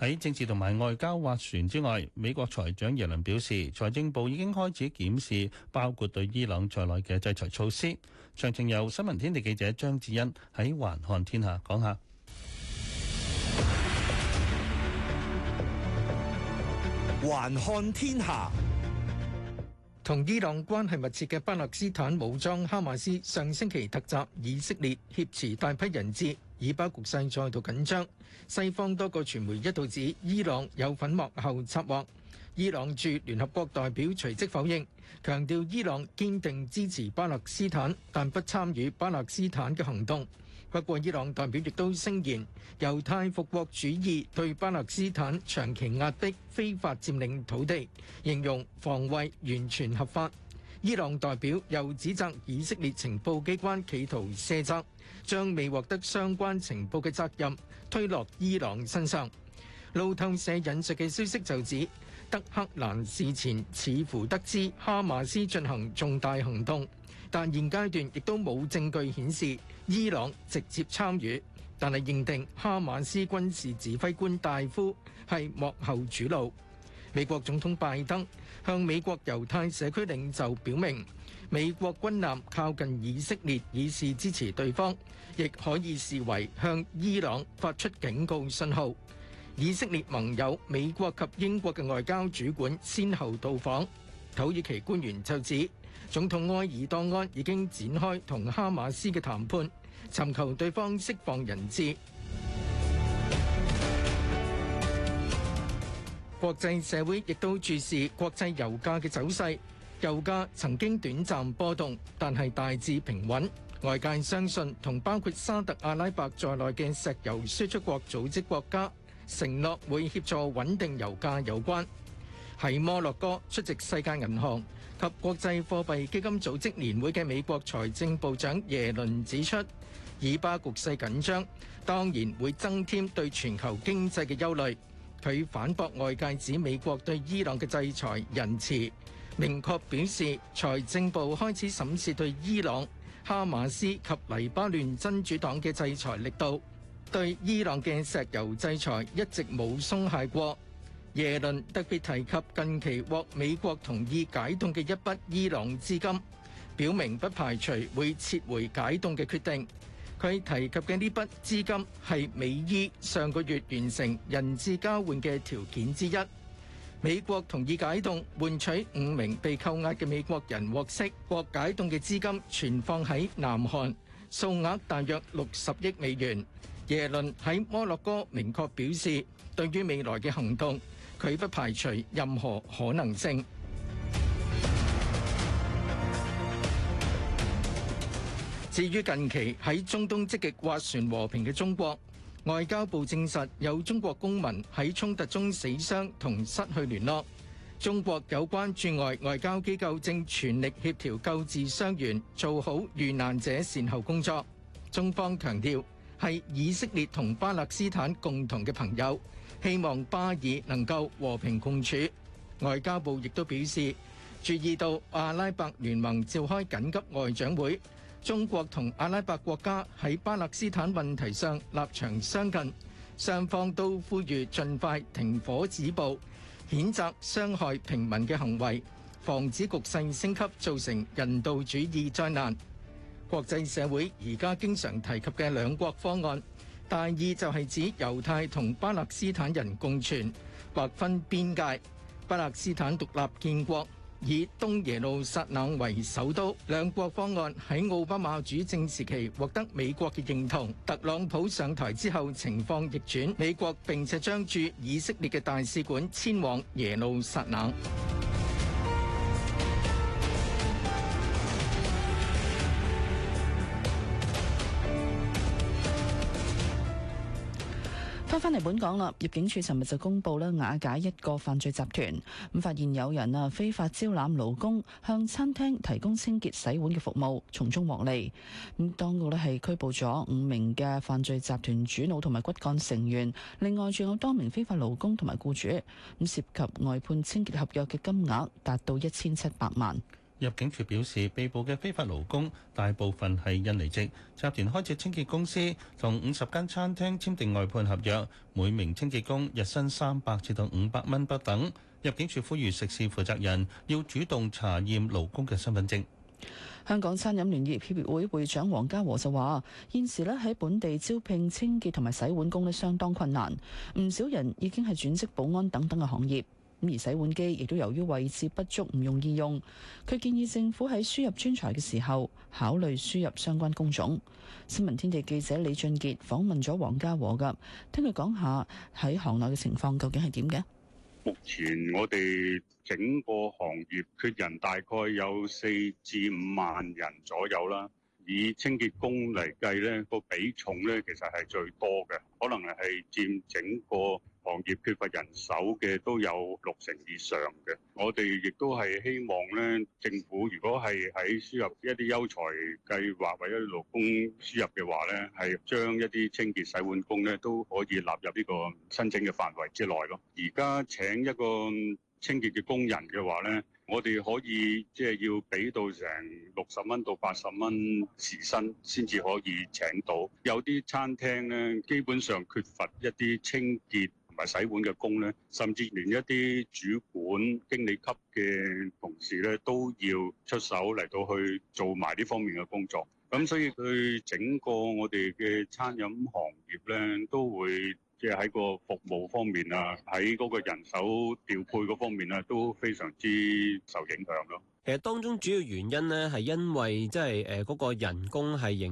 喺政治同埋外交斡旋之外，美國財長耶倫表示，財政部已經開始檢視包括對伊朗在內嘅制裁措施。詳情由新聞天地記者張志欣喺《環看天下》講下。《環看天下》同伊朗關係密切嘅巴勒斯坦武裝哈馬斯上星期突襲以色列，挾持大批人質，以巴局勢再度緊張。西方多個傳媒一度指伊朗有份幕後策劃。伊朗駐聯合國代表隨即否認，強調伊朗堅定支持巴勒斯坦，但不參與巴勒斯坦嘅行動。不過，伊朗代表亦都聲言，猶太復國主義對巴勒斯坦長期壓逼、非法佔領土地，形容防衛完全合法。伊朗代表又指責以色列情報機關企圖卸責，將未獲得相關情報嘅責任推落伊朗身上。路透社引述嘅消息就指。德克蘭事前似乎得知哈馬斯進行重大行動，但現階段亦都冇證據顯示伊朗直接參與，但係認定哈馬斯軍事指揮官大夫係幕後主腦。美國總統拜登向美國猶太社區領袖表明，美國軍艦靠近以色列，以示支持對方，亦可以視為向伊朗發出警告信號。以色列盟友美國及英國嘅外交主管先後到訪。土耳其官員就指，總統埃爾多安已經展開同哈馬斯嘅談判，尋求對方釋放人質。國際社會亦都注視國際油價嘅走勢，油價曾經短暫波動，但係大致平穩。外界相信，同包括沙特阿拉伯在內嘅石油輸出國組織國家。承諾會協助穩定油價有關。喺摩洛哥出席世界銀行及國際貨幣基金組織年會嘅美國財政部長耶倫指出，以巴局勢緊張，當然會增添對全球經濟嘅憂慮。佢反駁外界指美國對伊朗嘅制裁仁慈，明確表示財政部開始審視對伊朗、哈馬斯及黎巴嫩真主黨嘅制裁力度。對伊朗嘅石油制裁一直冇鬆懈過。耶倫特別提及近期獲美國同意解凍嘅一筆伊朗資金，表明不排除會撤回解凍嘅決定。佢提及嘅呢筆資金係美伊上個月完成人質交換嘅條件之一。美國同意解凍，換取五名被扣押嘅美國人獲釋。獲解凍嘅資金存放喺南韓，數額大約六十億美元。耶倫喺摩洛哥明確表示，對於未來嘅行動，佢不排除任何可能性。至於近期喺中東積極斡旋和平嘅中國，外交部證實，有中國公民喺衝突中死傷同失去聯絡。中國有關駐外外交機構正全力協調救治傷員，做好遇難者善後工作。中方強調，係以色列同巴勒斯坦共同嘅朋友，希望巴以能夠和平共處。外交部亦都表示，注意到阿拉伯聯盟召開緊急外長會，中國同阿拉伯國家喺巴勒斯坦問題上立場相近，雙方都呼籲盡快停火止暴，譴責傷害平民嘅行為，防止局勢升級造成人道主義災難。國際社會而家經常提及嘅兩國方案，大意就係指猶太同巴勒斯坦人共存，劃分邊界，巴勒斯坦獨立建國，以東耶路撒冷為首都。兩國方案喺奧巴馬主政時期獲得美國嘅認同，特朗普上台之後情況逆轉，美國並且將駐以色列嘅大使館遷往耶路撒冷。翻嚟本港啦，入境處尋日就公佈喇，瓦解一個犯罪集團，咁發現有人啊，非法招攬勞工，向餐廳提供清潔洗碗嘅服務，從中獲利。咁當局咧，係拘捕咗五名嘅犯罪集團主腦同埋骨幹成員，另外仲有多名非法勞工同埋僱主。咁涉及外判清潔合約嘅金額達到一千七百萬。入境處表示，被捕嘅非法勞工大部分係印尼籍，集團開設清潔公司，同五十間餐廳簽訂外判合約，每名清潔工日薪三百至到五百蚊不等。入境處呼籲食肆負責人要主動查驗勞工嘅身份證。香港餐飲聯業協會會長黃家和就話：現時咧喺本地招聘清潔同埋洗碗工咧相當困難，唔少人已經係轉職保安等等嘅行業。而洗碗機亦都由於位置不足唔容易用，佢建議政府喺輸入專才嘅時候考慮輸入相關工種。新聞天地記者李俊傑訪問咗黃家和嘅，聽佢講下喺行內嘅情況究竟係點嘅？目前我哋整個行業缺人大概有四至五萬人左右啦，以清潔工嚟計呢個比重呢其實係最多嘅，可能係佔整個。行業缺乏人手嘅都有六成以上嘅，我哋亦都係希望咧，政府如果係喺輸入一啲優才計劃或者勞工輸入嘅話咧，係將一啲清潔洗碗工咧都可以納入呢個申請嘅範圍之內咯。而家請一個清潔嘅工人嘅話咧，我哋可以即係要俾到成六十蚊到八十蚊時薪先至可以請到。有啲餐廳咧，基本上缺乏一啲清潔。埋洗碗嘅工咧，甚至連一啲主管、經理級嘅同事咧，都要出手嚟到去做埋呢方面嘅工作。咁所以佢整個我哋嘅餐飲行業咧，都會。即係喺個服務方面啊，喺嗰個人手調配嗰方面啊，都非常之受影響咯。其實當中主要原因咧係因為即係誒嗰個人工係仍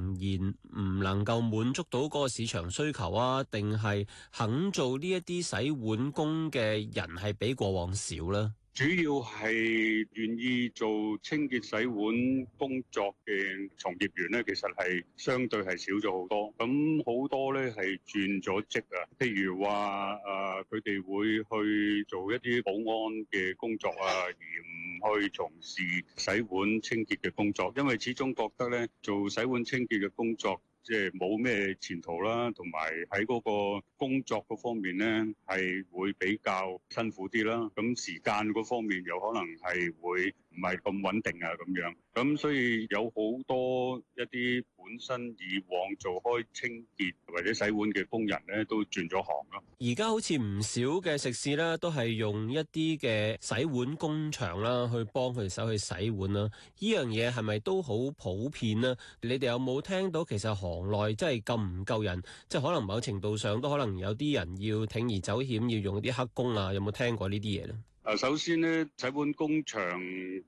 然唔能夠滿足到嗰個市場需求啊，定係肯做呢一啲洗碗工嘅人係比過往少啦。主要係願意做清潔洗碗工作嘅從業員咧，其實係相對係少咗好多。咁好多咧係轉咗職啊，譬如話啊，呃，佢哋會去做一啲保安嘅工作啊，而唔去從事洗碗清潔嘅工作，因為始終覺得咧做洗碗清潔嘅工作。即係冇咩前途啦，同埋喺嗰個工作嗰方面咧，係會比較辛苦啲啦。咁時間嗰方面有可能係會。唔係咁穩定啊，咁樣咁，所以有好多一啲本身以往做開清潔或者洗碗嘅工人咧，都轉咗行咯。而家好似唔少嘅食肆咧，都係用一啲嘅洗碗工場啦，去幫佢手去洗碗啦。呢樣嘢係咪都好普遍呢？你哋有冇聽到其實行內真係咁唔夠人？即係可能某程度上都可能有啲人要鋌而走險，要用啲黑工啊？有冇聽過呢啲嘢咧？誒首先咧，洗碗工場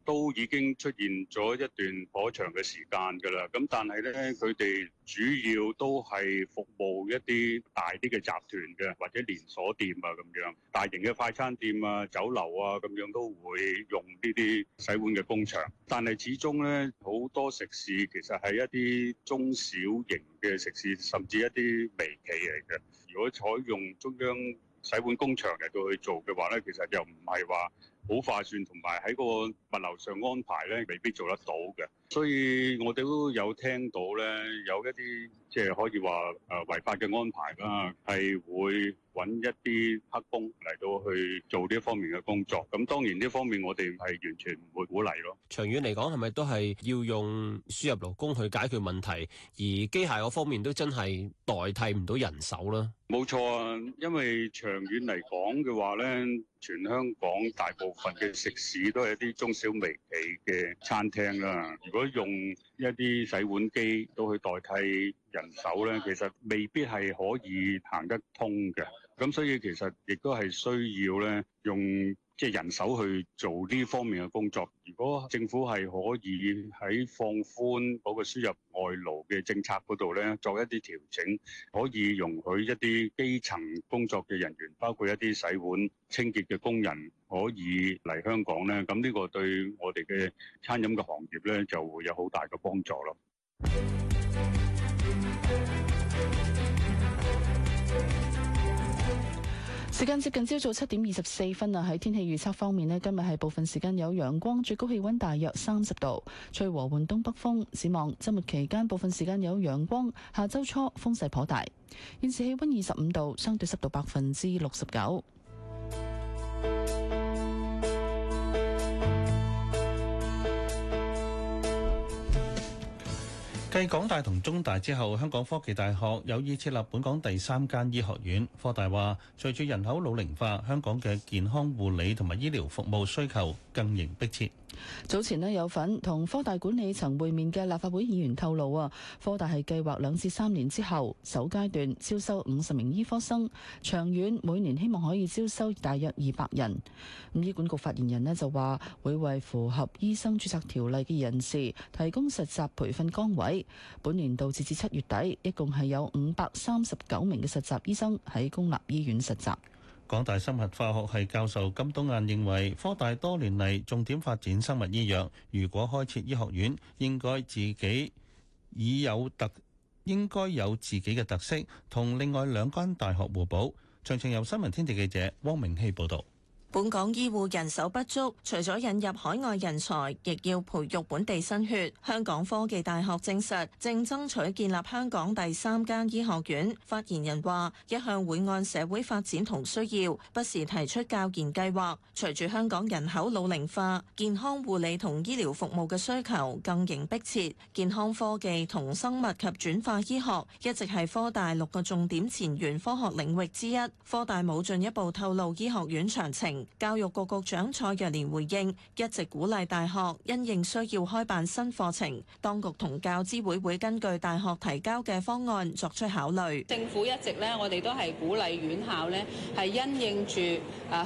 都已經出現咗一段頗長嘅時間㗎啦。咁但係咧，佢哋主要都係服務一啲大啲嘅集團嘅，或者連鎖店啊咁樣，大型嘅快餐店啊、酒樓啊咁樣都會用呢啲洗碗嘅工場。但係始終咧，好多食肆其實係一啲中小型嘅食肆，甚至一啲微企嚟嘅。如果採用中央，洗碗工場嚟到去做嘅話呢，其實又唔係話好化算，同埋喺個物流上安排呢，未必做得到嘅。所以我哋都有聽到咧，有一啲即係可以話誒、呃、違法嘅安排啦，係會揾一啲黑工嚟到去做呢方面嘅工作。咁當然呢方面我哋係完全唔會鼓勵咯。長遠嚟講係咪都係要用輸入勞工去解決問題，而機械嗰方面都真係代替唔到人手啦。冇錯啊，因為長遠嚟講嘅話咧，全香港大部分嘅食肆都係一啲中小微企嘅餐廳啦。如果用一啲洗碗機都去代替人手呢，其實未必係可以行得通嘅。咁所以其實亦都係需要咧，用即係人手去做呢方面嘅工作。如果政府係可以喺放寬嗰個輸入外勞嘅政策嗰度咧，作一啲調整，可以容許一啲基層工作嘅人員，包括一啲洗碗、清潔嘅工人，可以嚟香港咧，咁呢個對我哋嘅餐飲嘅行業咧，就會有好大嘅幫助咯。 [MUSIC] 時間接近朝早七點二十四分啊。喺天氣預測方面咧，今日係部分時間有陽光，最高氣溫大約三十度，吹和緩東北風。展望周末期間部分時間有陽光，下周初風勢頗大。現時氣溫二十五度，相對濕度百分之六十九。繼港大同中大之後，香港科技大學有意設立本港第三間醫學院。科大話，隨住人口老齡化，香港嘅健康護理同埋醫療服務需求更形迫切。早前咧有份同科大管理層會面嘅立法會議員透露啊，科大係計劃兩至三年之後首階段招收五十名醫科生，長遠每年希望可以招收大約二百人。咁醫管局發言人呢就話會為符合醫生註冊條例嘅人士提供實習培訓崗位。本年度截至七月底，一共係有五百三十九名嘅實習醫生喺公立醫院實習。港大生物化學系教授金冬雁認為，科大多年嚟重點發展生物醫藥，如果開設醫學院，應該自己已有特，應該有自己嘅特色，同另外兩間大學互補。詳情由新聞天地記者汪明希報道。本港醫護人手不足，除咗引入海外人才，亦要培育本地新血。香港科技大學證實正爭取建立香港第三間醫學院。發言人話一向會按社會發展同需要，不時提出教研計劃，隨住香港人口老齡化，健康護理同醫療服務嘅需求更形迫切。健康科技同生物及轉化醫學一直係科大六個重點前沿科學領域之一。科大冇進一步透露醫學院詳情。教育局局長蔡若蓮回應，一直鼓勵大學因應需要開辦新課程，當局同教資會會根據大學提交嘅方案作出考慮。政府一直咧，我哋都係鼓勵院校咧，係因應住誒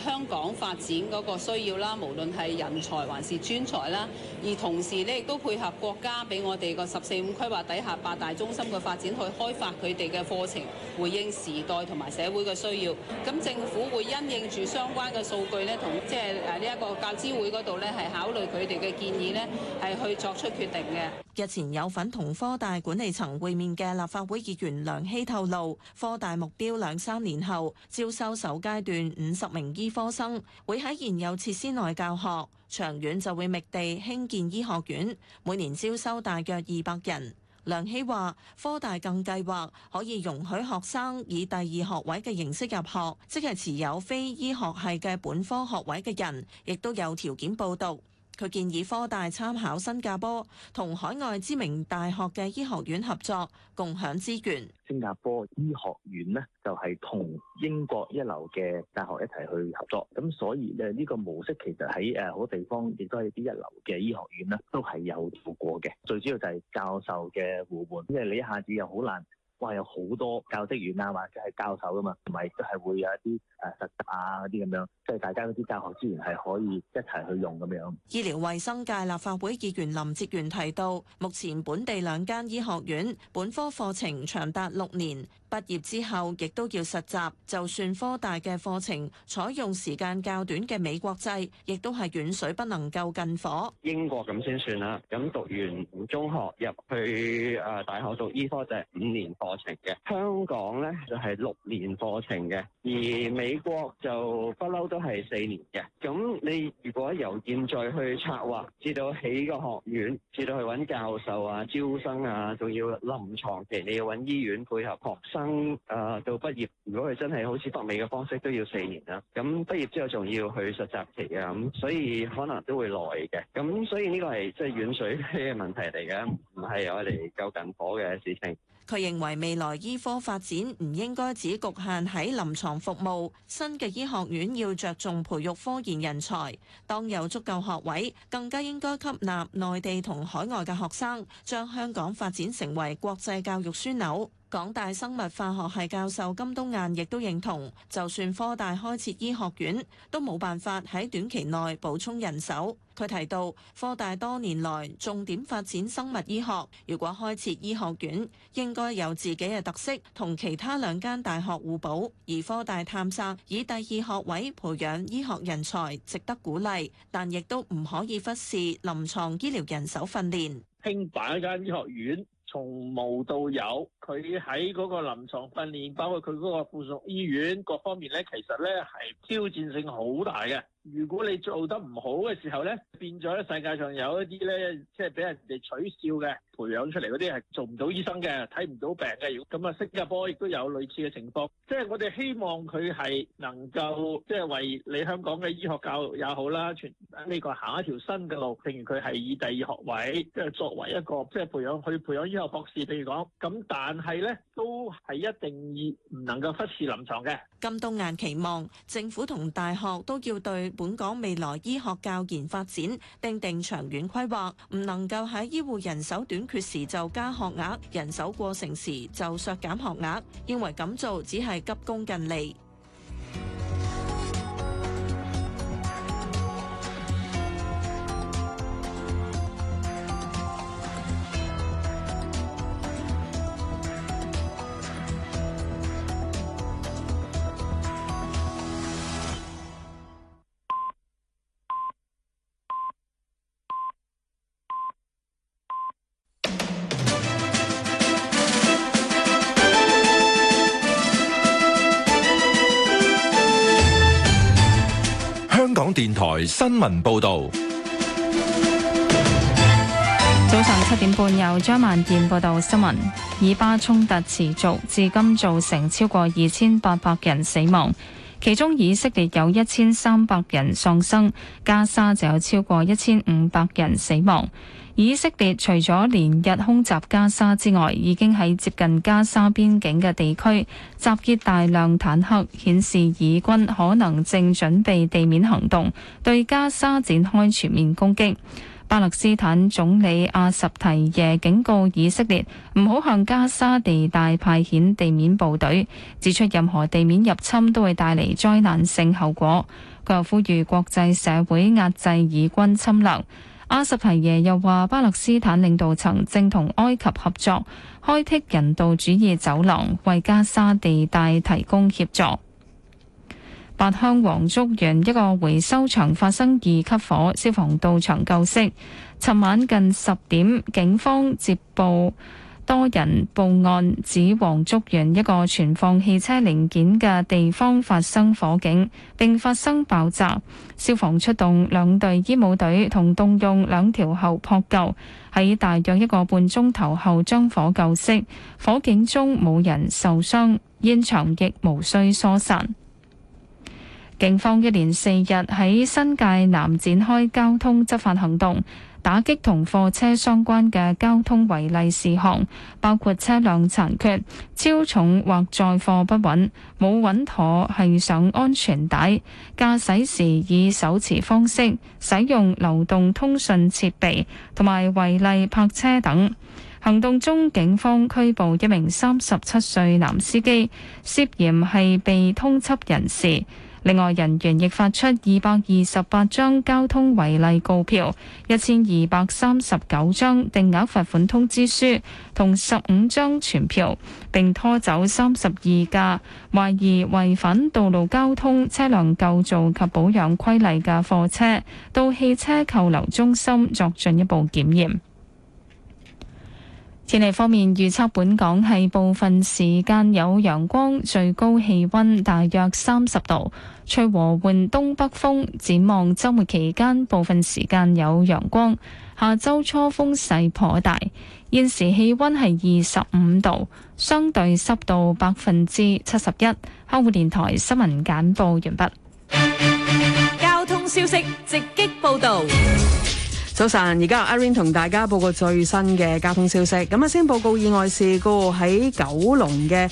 香港發展嗰個需要啦，無論係人才還是專才啦，而同時咧亦都配合國家俾我哋個十四五規劃底下八大中心嘅發展去開發佢哋嘅課程，回應時代同埋社會嘅需要。咁政府會因應住相關嘅數。數據咧，同即係誒呢一個教資會嗰度咧，係考慮佢哋嘅建議咧，係去作出決定嘅。日前有份同科大管理層會面嘅立法會議員梁希透露，科大目標兩三年後招收首階段五十名醫科生，會喺現有設施內教學，長遠就會覓地興建醫學院，每年招收大約二百人。梁希話，科大更計劃可以容許學生以第二學位嘅形式入學，即係持有非醫學系嘅本科學位嘅人，亦都有條件報讀。佢建議科大參考新加坡同海外知名大學嘅醫學院合作，共享資源。新加坡醫學院呢，就係同英國一流嘅大學一齊去合作，咁所以咧，呢個模式其實喺誒好多地方亦都係啲一流嘅醫學院呢，都係有做過嘅。最主要就係教授嘅互換，因為你一下子又好難。我有好多教職員啊，或者係教授噶嘛，同埋都係會有一啲誒實習啊嗰啲咁樣，即係大家嗰啲教學資源係可以一齊去用咁樣。醫療衛生界立法會議員林哲玄提到，目前本地兩間醫學院本科課程長達六年。畢業之後亦都要實習，就算科大嘅課程採用時間較短嘅美國制，亦都係遠水不能救近火。英國咁先算啦，咁讀完中學入去誒大學讀醫科就係五年課程嘅，香港咧就係、是、六年課程嘅，而美國就不嬲都係四年嘅。咁你如果由現在去策劃，至到起個學院，至到去搵教授啊、招生啊，仲要臨牀期，你要搵醫院配合學生。生到畢業，如果佢真係好似北美嘅方式，都要四年啦。咁畢業之後仲要去實習期啊，咁所以可能都會耐嘅。咁所以呢個係即係遠水嘅問題嚟嘅，唔係我哋救近火嘅事情。佢認為未來醫科發展唔應該只局限喺臨床服務，新嘅醫學院要着重培育科研人才。當有足夠學位，更加應該吸納內地同海外嘅學生，將香港發展成為國際教育樞紐。港大生物化學系教授金冬雁亦都認同，就算科大開設醫學院，都冇辦法喺短期內補充人手。佢提到，科大多年來重點發展生物醫學，如果開設醫學院，應該有自己嘅特色，同其他兩間大學互補，而科大探索以第二學位培養醫學人才，值得鼓勵，但亦都唔可以忽視臨床醫療人手訓練，興辦一間醫學院。從無到有，佢喺嗰個臨牀訓練，包括佢嗰個附屬醫院各方面咧，其實咧係挑戰性好大嘅。如果你做得唔好嘅時候咧，變咗咧世界上有一啲咧，即係俾人哋取笑嘅，培養出嚟嗰啲係做唔到醫生嘅，睇唔到病嘅。如果咁啊，新加坡亦都有類似嘅情況，即係我哋希望佢係能夠即係為你香港嘅醫學教育也好啦，全呢個行一條新嘅路。譬如佢係以第二學位，即係作為一個即係培養，去培養醫學博士，譬如講咁，但係咧都係一定唔能夠忽視臨牀嘅。咁多眼期望政府同大學都要對。本港未來醫學教研發展，訂定長遠規劃，唔能夠喺醫護人手短缺時就加學額，人手過剩時就削減學額，認為咁做只係急功近利。電台新聞報道：早上七點半有，由張萬健報道新聞。以巴衝突持續至今，造成超過二千八百人死亡，其中以色列有一千三百人喪生，加沙就有超過一千五百人死亡。以色列除咗連日空襲加沙之外，已經喺接近加沙邊境嘅地區集結大量坦克，顯示以軍可能正準備地面行動，對加沙展開全面攻擊。巴勒斯坦總理阿什提耶警告以色列唔好向加沙地帶派遣地面部隊，指出任何地面入侵都會帶嚟災難性後果。佢又呼籲國際社會壓制以軍侵略。阿什提耶又話，巴勒斯坦領導層正同埃及合作，開闢人道主義走廊，為加沙地帶提供協助。八鄉黃竹園一個回收場發生二級火，消防到場救熄。尋晚近十點，警方接報。多人報案指黃竹園一個存放汽車零件嘅地方發生火警，並發生爆炸。消防出動兩隊醫務隊同動用兩條喉撲救，喺大約一個半鐘頭後將火救熄。火警中冇人受傷，現場亦無需疏散。警方一連四日喺新界南展開交通執法行動。打擊同貨車相關嘅交通違例事項，包括車輛殘缺、超重或載貨不穩、冇穩妥繫上安全帶、駕駛時以手持方式使用流動通訊設備同埋違例泊車等。行動中，警方拘捕一名三十七歲男司機，涉嫌係被通緝人士。另外，人員亦發出二百二十八張交通違例告票、一千二百三十九張定額罰款通知書同十五張傳票，並拖走三十二架懷疑違反道路交通車輛構造及保養規例嘅貨車，到汽車扣留中心作進一步檢驗。天氣方面預測，預測本港係部分時間有陽光，最高氣温大約三十度，吹和緩東北風。展望周末期間，部分時間有陽光，下周初風勢頗大。現時氣温係二十五度，相對濕度百分之七十一。香港電台新聞簡報完畢。交通消息直擊報道。早晨，而家阿 rain 同大家報告最新嘅交通消息。咁啊，先報告意外事故喺九龍嘅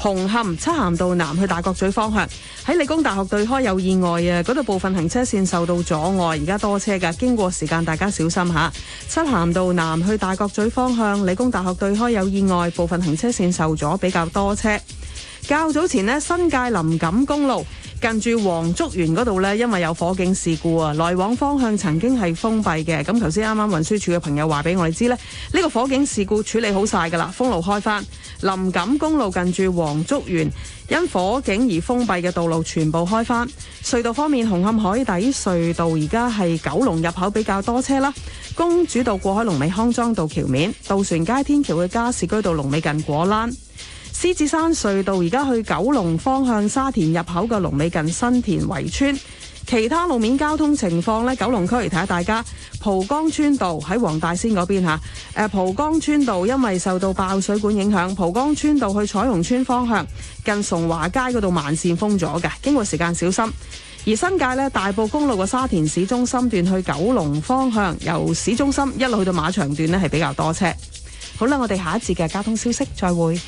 紅磡漆咸道南去大角咀方向，喺理工大學對開有意外啊，嗰度部分行車線受到阻礙，而家多車噶。經過時間，大家小心吓。漆咸道南去大角咀方向，理工大學對開有意外，部分行車線受阻，比較多車。較早前呢，新界林錦公路。近住黃竹園嗰度呢，因為有火警事故啊，來往方向曾經係封閉嘅。咁頭先啱啱運輸署嘅朋友話俾我哋知呢，呢、呢個火警事故處理好晒噶啦，封路開返，林錦公路近住黃竹園因火警而封閉嘅道路全部開返。隧道方面，紅磡海底隧道而家係九龍入口比較多車啦。公主道過海龍尾康莊道橋面，渡船街天橋嘅加士居道龍尾近果欄。獅子山隧道而家去九龍方向沙田入口嘅龍尾近新田圍村。其他路面交通情況呢，九龍區嚟睇下大家。蒲崗村道喺黃大仙嗰邊吓，誒、啊，蒲崗村道因為受到爆水管影響，蒲崗村道去彩虹村方向近崇華街嗰度慢綫封咗嘅，經過時間小心。而新界呢，大埔公路嘅沙田市中心段去九龍方向，由市中心一路去到馬場段呢，係比較多車。好啦，我哋下一節嘅交通消息再會。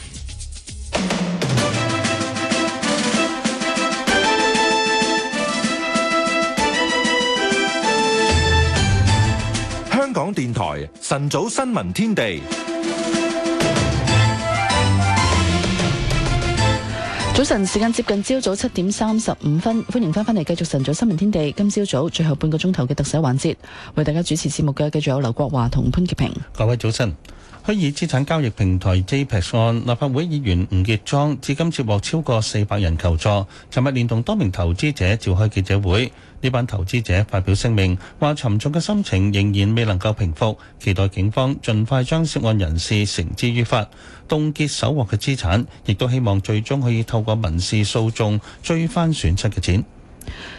香港電台晨早新聞天地。早晨，時間接近朝早七點三十五分，歡迎翻返嚟繼續晨早新聞天地。今朝早最後半個鐘頭嘅特首環節，為大家主持節目嘅，繼續有劉國華同潘潔平。各位早晨。虛擬資產交易平台 JPEX 案，立法會議員吳傑莊至今接獲超過四百人求助。尋日連同多名投資者召開記者會，呢班投資者發表聲明，話沉重嘅心情仍然未能夠平復，期待警方盡快將涉案人士繩之於法，凍結搜獲嘅資產，亦都希望最終可以透過民事訴訟追翻損失嘅錢。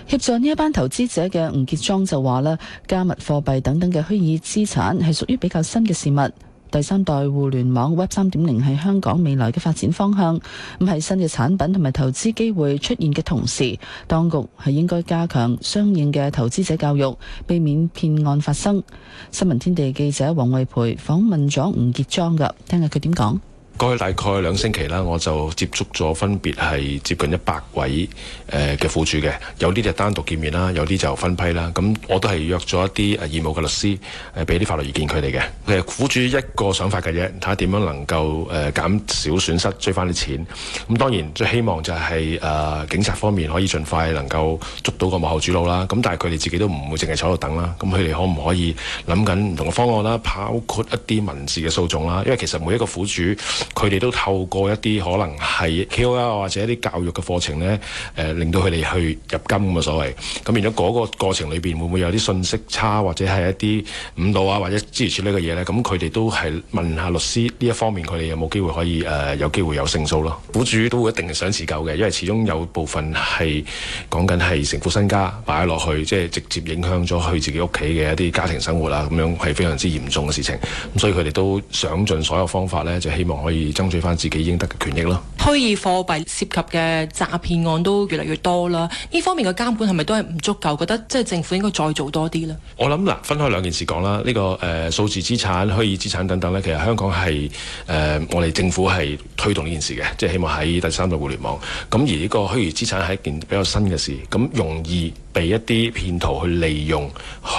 協助呢一班投資者嘅吳傑莊就話啦，加密貨幣等等嘅虛擬資產係屬於比較新嘅事物。第三代互聯網 Web 三點零係香港未來嘅發展方向，咁喺新嘅產品同埋投資機會出現嘅同時，當局係應該加強相應嘅投資者教育，避免騙案發生。新聞天地記者黃慧培訪問咗吳傑莊嘅，聽下佢點講。過去大概兩星期啦，我就接觸咗分別係接近一百位誒嘅苦主嘅，有啲就單獨見面啦，有啲就分批啦。咁我都係約咗一啲誒義務嘅律師，誒俾啲法律意見佢哋嘅。其實苦主一個想法嘅啫，睇下點樣能夠誒、呃、減少損失，追翻啲錢。咁當然最希望就係、是、誒、呃、警察方面可以盡快能夠捉到個幕後主腦啦。咁、啊、但係佢哋自己都唔會淨係坐喺度等啦。咁佢哋可唔可以諗緊唔同嘅方案啦？包括一啲文字嘅訴訟啦、啊。因為其實每一個苦主。佢哋都透過一啲可能係 KOL 或者一啲教育嘅課程呢，誒、呃、令到佢哋去入金咁嘅所謂。咁變咗嗰個過程裏邊，會唔會有啲信息差或者係一啲誤導啊，或者諸如此類嘅嘢呢？咁佢哋都係問下律師呢一方面，佢哋有冇機會可以誒、呃、有機會有勝訴咯？苦主都會一定係想自救嘅，因為始終有部分係講緊係成副身家擺落去，即係直接影響咗佢自己屋企嘅一啲家庭生活啦，咁樣係非常之嚴重嘅事情。咁所以佢哋都想盡所有方法呢，就希望可以。而爭取翻自己應得嘅權益咯。虛擬貨幣涉及嘅詐騙案都越嚟越多啦。呢方面嘅監管係咪都係唔足夠？覺得即係政府應該再做多啲呢？我諗嗱，分開兩件事講啦。呢、這個誒數、呃、字資產、虛擬資產等等呢，其實香港係誒、呃、我哋政府係推動呢件事嘅，即係希望喺第三代互聯網。咁而呢個虛擬資產係一件比較新嘅事，咁容易。被一啲騙徒去利用，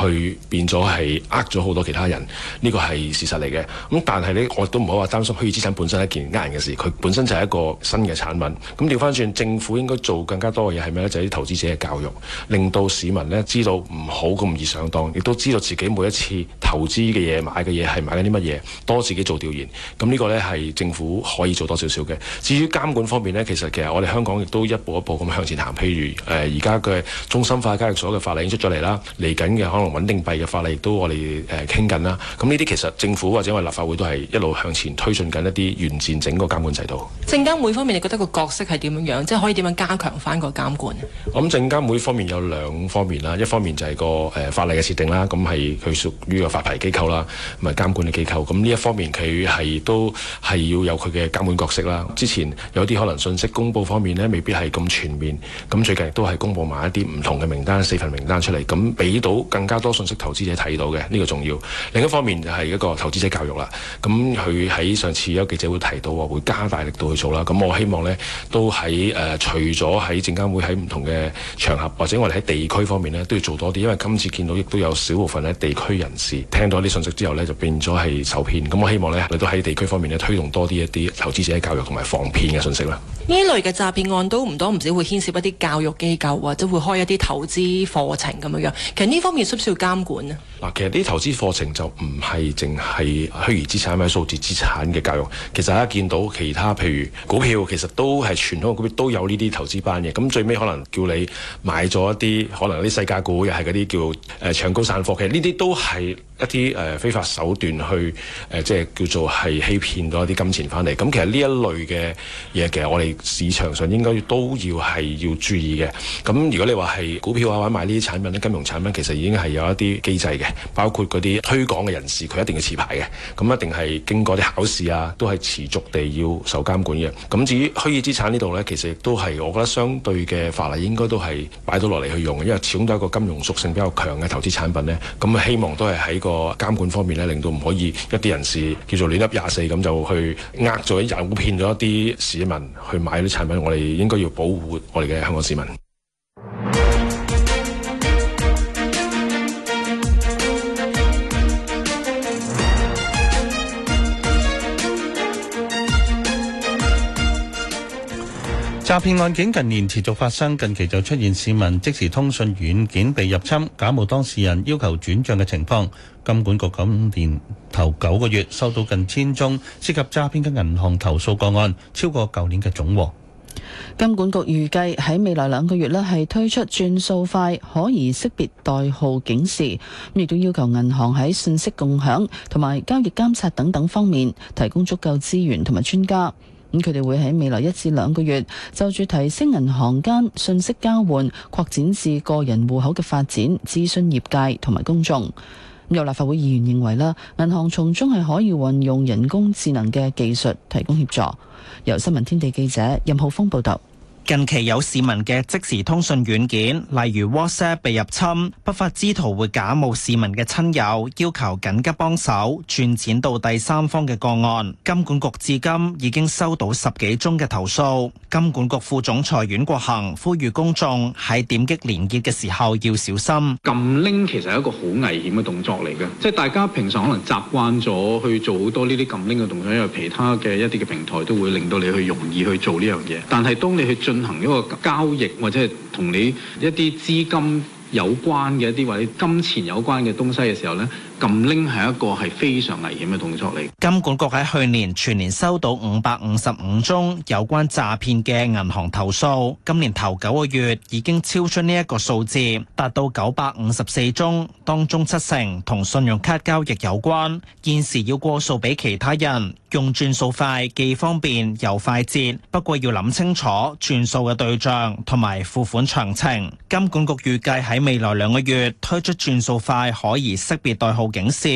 去變咗係呃咗好多其他人，呢、這個係事實嚟嘅。咁但係咧，我亦都唔好話擔心虛擬資產本身係一件呃人嘅事，佢本身就係一個新嘅產品。咁調翻轉，政府應該做更加多嘅嘢係咩咧？就係、是、啲投資者嘅教育，令到市民咧知道唔好咁易上當，亦都知道自己每一次投資嘅嘢買嘅嘢係買緊啲乜嘢，多自己做調研。咁、嗯嗯這個、呢個咧係政府可以做多少少嘅。至於監管方面咧，其實其實我哋香港亦都一步一步咁向前行。譬如誒，而家嘅中心交易所嘅法例已經出咗嚟啦，嚟緊嘅可能穩定幣嘅法例都我哋誒傾緊啦。咁呢啲其實政府或者我立法會都係一路向前推進緊一啲完善整個監管制度。證監會方面，你覺得個角色係點樣樣？即係可以點樣加強翻個監管？我諗證監會方面有兩方面啦，一方面就係個誒、呃、法例嘅設定啦，咁係佢屬於個發牌機構啦，咁啊監管嘅機構。咁、嗯、呢、嗯、一方面佢係都係要有佢嘅監管角色啦。之前有啲可能信息公佈方面呢，未必係咁全面。咁、嗯、最近亦都係公佈埋一啲唔同嘅名名單四份名單出嚟，咁俾到更加多信息投資者睇到嘅，呢個重要。另一方面就係一個投資者教育啦。咁佢喺上次有記者會提到，會加大力度去做啦。咁我希望呢都喺誒、呃、除咗喺證監會喺唔同嘅場合，或者我哋喺地區方面呢都要做多啲。因為今次見到亦都有少部分咧地區人士聽到一啲信息之後呢就變咗係受騙。咁我希望呢你都喺地區方面呢推動多啲一啲投資者教育同埋防騙嘅信息啦。呢類嘅詐騙案都唔多唔少會牽涉一啲教育機構或者會開一啲投投資課程咁樣樣，其實呢方面需唔需要監管呢？嗱，其實啲投資課程就唔係淨係虛擬資產或者數字資產嘅教育。其實大家見到其他，譬如股票，其實都係傳統股票都有呢啲投資班嘅。咁最尾可能叫你買咗一啲，可能啲世界股又係嗰啲叫誒搶高散貨。其實呢啲都係一啲誒非法手段去誒、呃，即係叫做係欺騙咗一啲金錢翻嚟。咁其實呢一類嘅嘢，其實我哋市場上應該都要係要注意嘅。咁如果你話係。股票啊，或者買呢啲產品呢，金融產品其實已經係有一啲機制嘅，包括嗰啲推廣嘅人士，佢一定要持牌嘅，咁一定係經過啲考試啊，都係持續地要受監管嘅。咁至於虛擬資產呢度咧，其實亦都係我覺得相對嘅法例應該都係擺到落嚟去用嘅，因為始終都係一個金融屬性比較強嘅投資產品咧。咁希望都係喺個監管方面咧，令到唔可以一啲人士叫做亂噏廿四咁就去呃咗、誘騙咗一啲市民去買啲產品。我哋應該要保護我哋嘅香港市民。詐騙案件近年持續發生，近期就出現市民即時通訊軟件被入侵、假冒當事人要求轉賬嘅情況。金管局今年頭九個月收到近千宗涉及詐騙嘅銀行投訴個案，超過舊年嘅總和。金管局預計喺未來兩個月呢，係推出轉數快可疑識別代號警示，亦都要求銀行喺信息共享同埋交易監察等等方面提供足夠資源同埋專家。咁佢哋會喺未來一至兩個月就住提升銀行間信息交換，擴展至個人戶口嘅發展，諮詢業界同埋公眾。有立法會議員認為啦，銀行從中係可以運用人工智能嘅技術提供協助。由新聞天地記者任浩峰報道。近期有市民嘅即時通訊軟件，例如 WhatsApp 被入侵，不法之徒會假冒市民嘅親友，要求緊急幫手轉錢到第三方嘅個案。金管局至今已經收到十幾宗嘅投訴，金管局副總裁阮國恒呼籲公眾喺點擊連結嘅時候要小心。撳拎其實係一個好危險嘅動作嚟嘅，即係大家平常可能習慣咗去做好多呢啲撳拎嘅動作，因為其他嘅一啲嘅平台都會令到你去容易去做呢樣嘢。但係當你去進。進行一個交易，或者係同你一啲資金有關嘅一啲，或者金錢有關嘅東西嘅時候咧。撳拎係一個係非常危險嘅動作嚟。金管局喺去年全年收到五百五十五宗有關詐騙嘅銀行投訴，今年頭九個月已經超出呢一個數字，達到九百五十四宗，當中七成同信用卡交易有關，現時要過數俾其他人用轉數快，既方便又快捷，不過要諗清楚轉數嘅對象同埋付款詳情。金管局預計喺未來兩個月推出轉數快，可以識別代號。警示，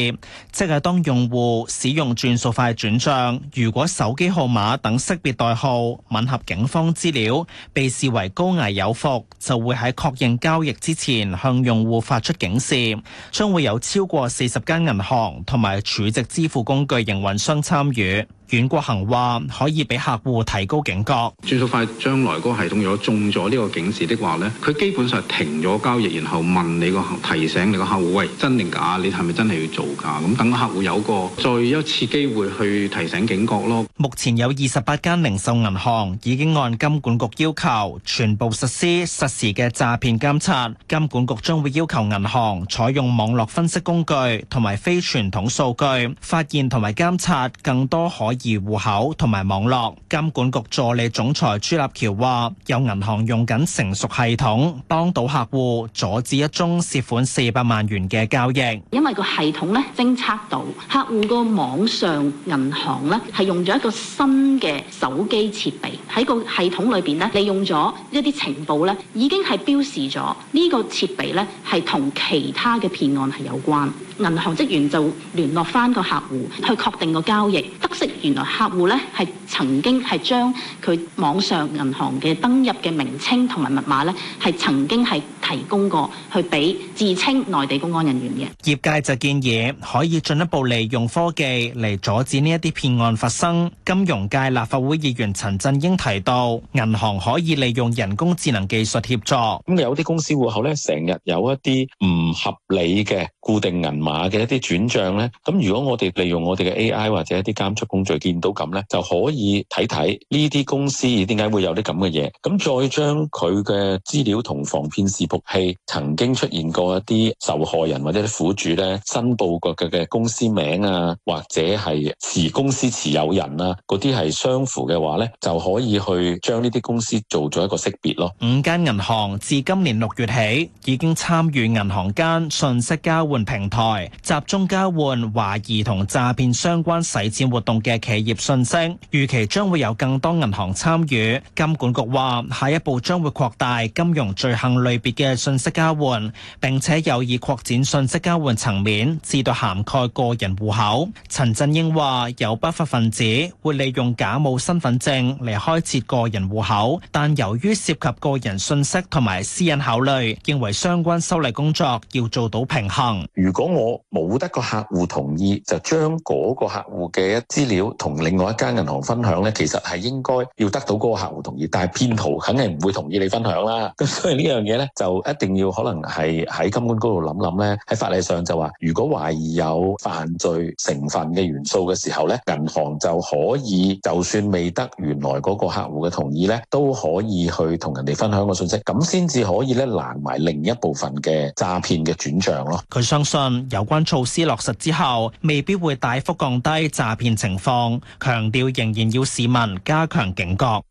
即係當用戶使用轉數快轉賬，如果手機號碼等識別代號吻合警方資料，被視為高危有伏，就會喺確認交易之前向用戶發出警示。將會有超過四十間銀行同埋儲值支付工具營運商參與。阮國恆話：可以俾客戶提高警覺。轉數快將來個系統，如果中咗呢個警示的話咧，佢基本上停咗交易，然後問你個提醒你個客戶：喂，真定假？你係咪真係要做噶咁等客戶有個再一次機會去提醒警覺咯。目前有二十八間零售銀行已經按金管局要求，全部實施實時嘅詐騙監察，金管局將會要求銀行採用網絡分析工具同埋非傳統數據，發現同埋監察更多可。而戶口同埋網絡。金管局助理總裁朱立橋話：有銀行用緊成熟系統，幫到客戶阻止一宗涉款四百萬元嘅交易。因為個系統咧偵測到客戶個網上銀行咧係用咗一個新嘅手機設備，喺個系統裏邊咧利用咗一啲情報咧已經係標示咗呢個設備咧係同其他嘅騙案係有關。銀行職員就聯絡翻個客戶去確定個交易，得悉原來客戶咧係曾經係將佢網上銀行嘅登入嘅名稱同埋密碼咧係曾經係提供過去俾自稱內地公安人員嘅。業界就建議可以進一步利用科技嚟阻止呢一啲騙案發生。金融界立法會議員陳振英提到，銀行可以利用人工智能技術協助。咁有啲公司戶口咧，成日有一啲唔合理嘅，固定銀碼嘅一啲轉帳呢，咁如果我哋利用我哋嘅 A.I. 或者一啲監測工具見到咁呢，就可以睇睇呢啲公司點解會有啲咁嘅嘢。咁再將佢嘅資料同防騙視伏器曾經出現過一啲受害人或者啲苦主呢，申報過佢嘅公司名啊，或者係持公司持有人啊，嗰啲係相符嘅話呢，就可以去將呢啲公司做咗一個識別咯。五間銀行自今年六月起已經參與銀行間信息交換平台集中交換懷疑同詐騙相關洗錢活動嘅企業信息，預期將會有更多銀行參與。金管局話，下一步將會擴大金融罪行類別嘅信息交換，並且有意擴展信息交換層面，至到涵蓋個人戶口。陳振英話，有不法分子會利用假冒身份證嚟開設個人戶口，但由於涉及個人信息同埋私隱考慮，認為相關修例工作要做到平衡。如果我冇得個客戶同意，就將嗰個客戶嘅一資料同另外一間銀行分享咧，其實係應該要得到嗰個客戶同意。但係騙徒肯定唔會同意你分享啦。咁所以呢樣嘢咧，就一定要可能係喺金管局度諗諗咧。喺法例上就話，如果懷疑有犯罪成分嘅元素嘅時候咧，銀行就可以就算未得原來嗰個客戶嘅同意咧，都可以去同人哋分享個信息，咁先至可以咧攔埋另一部分嘅詐騙嘅轉賬咯。相信有關措施落實之後，未必會大幅降低詐騙情況，強調仍然要市民加強警覺。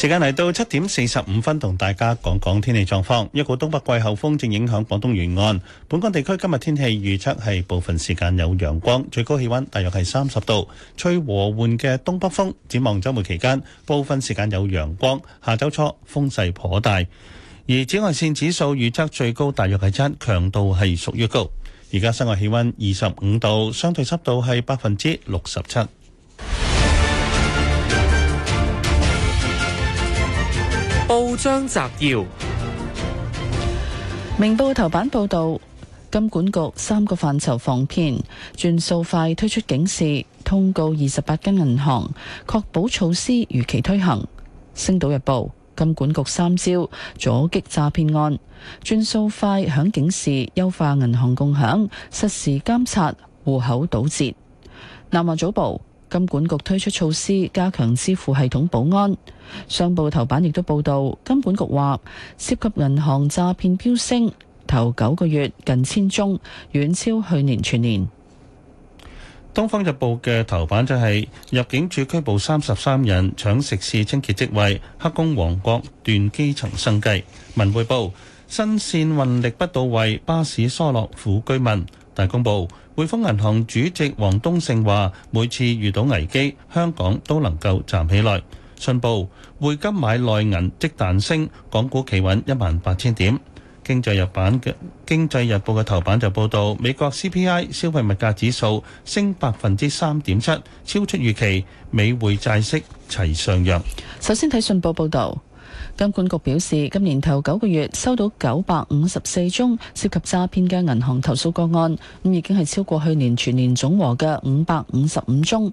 時間嚟到七點四十五分，同大家講講天氣狀況。一股東北季候風正影響廣東沿岸，本港地區今日天，天氣預測係部分時間有陽光，最高氣溫大約係三十度，吹和緩嘅東北風。展望周末期間，部分時間有陽光，下周初風勢頗大。而紫外線指數預測最高大約係七，強度係屬於高。而家室外氣溫二十五度，相對濕度係百分之六十七。張澤堯，明報頭版報道：金管局三個範疇防騙，轉數快推出警示通告，二十八間銀行確保措施如期推行。星島日報：金管局三招阻擊詐騙案，轉數快響警示，優化銀行共享，實時監察戶口堵截。南華早報。金管局推出措施加強支付系統保安。商報頭版亦都報道，金管局話涉及銀行詐騙飆升，頭九個月近千宗，遠超去年全年。東方日報嘅頭版就係入境處拘捕三十三人搶食肆清潔職位，黑工王國斷基層生計。文匯報新線運力不到位，巴士疏落苦居民。大公報匯豐銀行主席王冬勝話：每次遇到危機，香港都能夠站起來。信報匯金買內銀即彈升，港股企穩一萬八千點。經濟日版嘅經濟日報嘅頭版就報道，美國 CPI 消費物價指數升百分之三點七，超出預期，美匯債息齊上揚。首先睇信報報道。金管局表示，今年頭九個月收到九百五十四宗涉及詐騙嘅銀行投訴個案，咁已經係超過去年全年總和嘅五百五十五宗。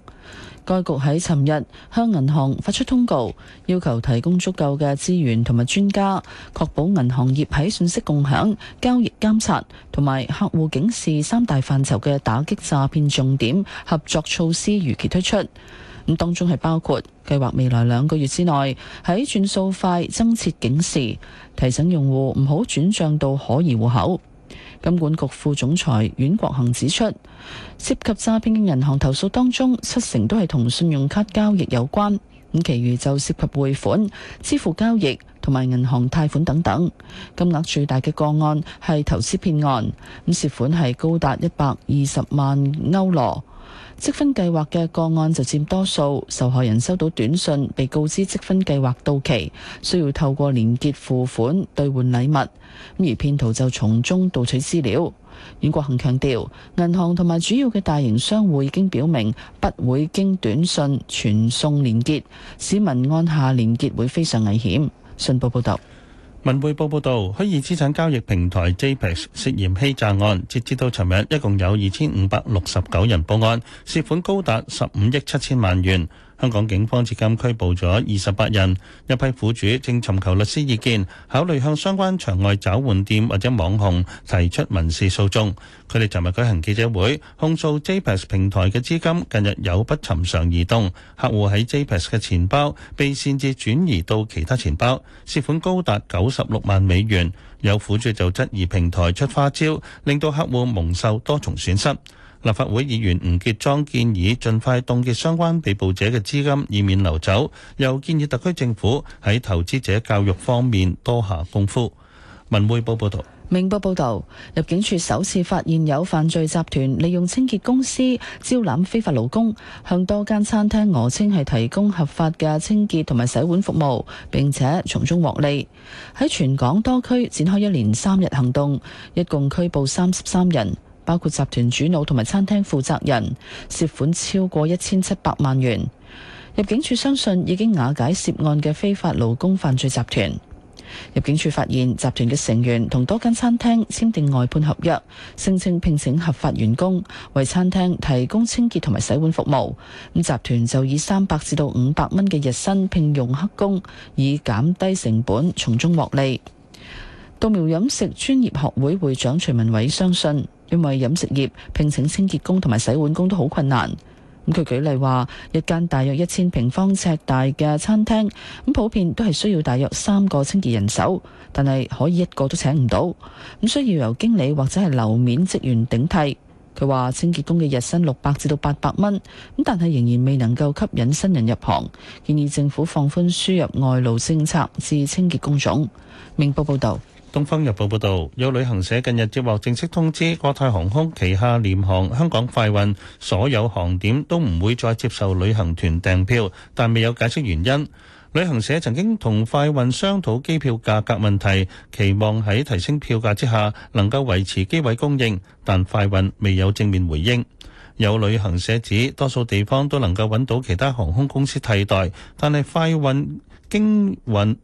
該局喺尋日向銀行發出通告，要求提供足夠嘅資源同埋專家，確保銀行業喺信息共享、交易監察同埋客戶警示三大範疇嘅打擊詐騙重點合作措施如期推出。咁當中係包括計劃未來兩個月之內喺轉數快增設警示，提醒用戶唔好轉帳到可疑戶口。金管局副總裁阮國恒指出，涉及詐騙嘅銀行投訴當中，七成都係同信用卡交易有關，咁，其餘就涉及匯款、支付交易同埋銀行貸款等等。金額最大嘅個案係投資騙案，咁涉款係高達一百二十萬歐羅。積分計劃嘅個案就佔多數，受害人收到短信被告知積分計劃到期，需要透過連結付款兌換禮物，咁而騙徒就從中盜取資料。阮國恒強調，銀行同埋主要嘅大型商戶已經表明不會經短信傳送連結，市民按下連結會非常危險。信報報道。文匯報報道，虛擬資產交易平台 JPEX 涉嫌欺詐案，截至到尋日，一共有二千五百六十九人報案，涉款高達十五億七千萬元。香港警方至今拘捕咗二十八人，一批苦主正尋求律師意見，考慮向相關場外找換店或者網紅提出民事訴訟，佢哋尋日舉行記者會控訴 JPEX 平台嘅資金近日有不尋常移動，客戶喺 JPEX 嘅錢包被擅自轉移到其他錢包，涉款高達九十六萬美元。有苦主就質疑平台出花招，令到客戶蒙受多重損失。立法會議員吳傑莊建議盡快凍結相關被捕者嘅資金，以免流走。又建議特區政府喺投資者教育方面多下功夫。文匯報報道。明報報道，入境處首次發現有犯罪集團利用清潔公司招攬非法勞工，向多間餐廳訛稱係提供合法嘅清潔同埋洗碗服務，並且從中獲利。喺全港多區展開一連三日行動，一共拘捕三十三人。包括集團主腦同埋餐廳負責人，涉款超過一千七百萬元。入境處相信已經瓦解涉案嘅非法勞工犯罪集團。入境處發現集團嘅成員同多間餐廳簽訂外判合約，聲稱聘請合法員工為餐廳提供清潔同埋洗碗服務。咁集團就以三百至到五百蚊嘅日薪聘用黑工，以減低成本，從中獲利。稻苗飲食專業學會會長徐文偉相信。因為飲食業聘請清潔工同埋洗碗工都好困難。咁佢舉例話，一間大約一千平方尺大嘅餐廳，咁普遍都係需要大約三個清潔人手，但係可以一個都請唔到，咁需要由經理或者係樓面職員頂替。佢話清潔工嘅日薪六百至到八百蚊，咁但係仍然未能夠吸引新人入行，建議政府放寬輸入外勞政策至清潔工種。明報報道。東風入報報道，有旅行者近日接貨正式通知，國泰航空旗下聯航、香港快運，所有航點都不會再接受旅行團訂票，但沒有解釋原因。旅行者曾經同快運商土機票價格問題，希望在提升票價之下，能夠維持機位供應，但快運沒有正面回應。有旅行者指，多數地方都能夠找到其他航空公司替代，但快運經運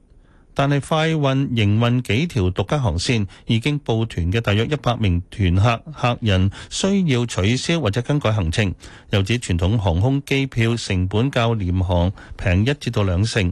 但係快運營運幾條獨家航線，已經報團嘅大約一百名團客客人，需要取消或者更改行程，又指傳統航空機票成本較廉航平一至到兩成，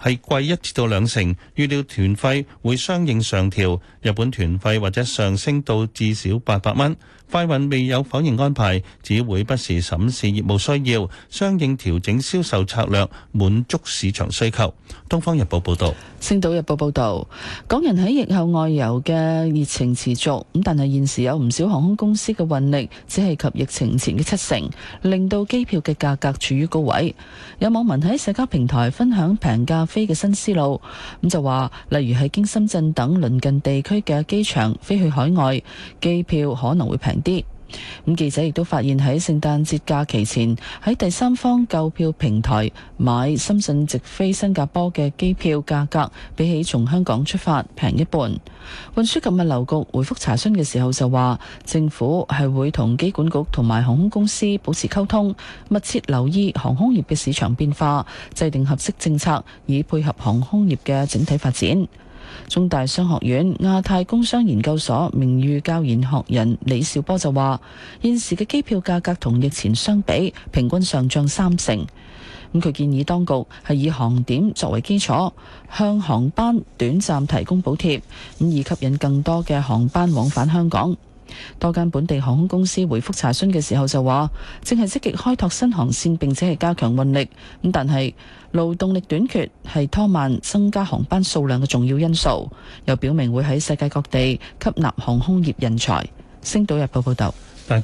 係貴一至到兩成，預料團費會相應上調，日本團費或者上升到至少八百蚊。快運未有否認安排，只會不時審視業務需要，相應調整銷售策略，滿足市場需求。《東方日報》報導，《星島日報》報導，港人喺疫後外遊嘅熱情持續，咁但係現時有唔少航空公司嘅運力只係及疫情前嘅七成，令到機票嘅價格處於高位。有網民喺社交平台分享平價飛嘅新思路，咁就話例如係經深圳等鄰近地區嘅機場飛去海外，機票可能會平。啲咁，記者亦都發現喺聖誕節假期前喺第三方購票平台買深圳直飛新加坡嘅機票價格比起從香港出發平一半。運輸及物流局回覆查詢嘅時候就話，政府係會同機管局同埋航空公司保持溝通，密切留意航空業嘅市場變化，制定合適政策，以配合航空業嘅整體發展。中大商學院亞太工商研究所名譽教研學人李兆波就話：現時嘅機票價格同疫前相比，平均上漲三成。咁、嗯、佢建議當局係以航點作為基礎，向航班短暫提供補貼，咁以吸引更多嘅航班往返香港。大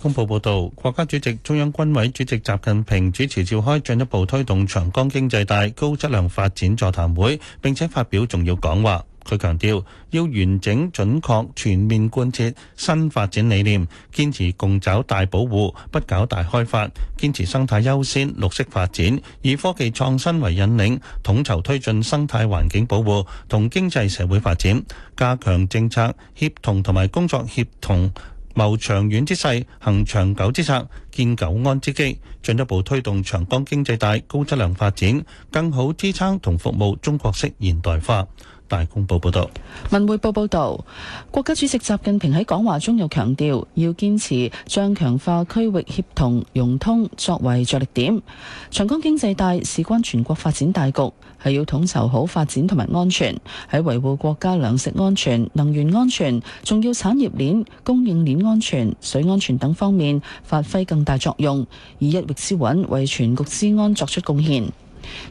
公報報道，國家主席、中央軍委主席習近平主持召開進一步推動長江經濟帶高質量發展座談會，並且發表重要講話。佢強調要完整準確全面貫徹新發展理念，堅持共走大保護，不搞大開發，堅持生態優先、綠色發展，以科技創新為引領，統籌推進生態環境保護同經濟社會發展，加強政策協同同埋工作協同，謀長遠之勢，行長久之策，建久安之機，進一步推動長江經濟帶高質量發展，更好支撐同服務中國式現代化。大公報報道，文匯報報道，國家主席習近平喺講話中又強調，要堅持將強化區域協同融通作為着力點。長江經濟帶事關全國發展大局，係要統籌好發展同埋安全，喺維護國家糧食安全、能源安全、重要產業鏈、供應鏈安全、水安全等方面發揮更大作用，以一域之穩為全局之安作出貢獻。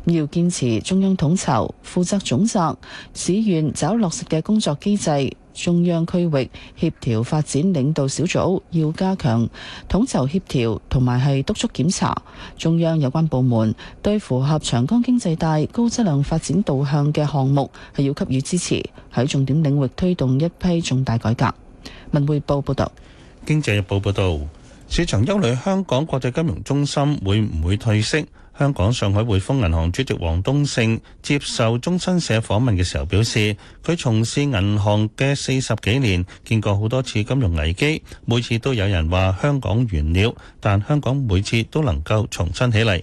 要堅持中央統籌、負責總責、市縣抓落實嘅工作機制。中央區域協調發展領導小組要加強統籌協調同埋係督促檢查。中央有關部門對符合長江經濟帶高質量發展導向嘅項目係要給予支持，喺重點領域推動一批重大改革。文匯報報道，經濟日報報道，市場憂慮香港國際金融中心會唔會退色？香港上海匯豐銀行主席王東勝接受中新社訪問嘅時候表示，佢從事銀行嘅四十幾年，見過好多次金融危機，每次都有人話香港完了，但香港每次都能夠重新起嚟。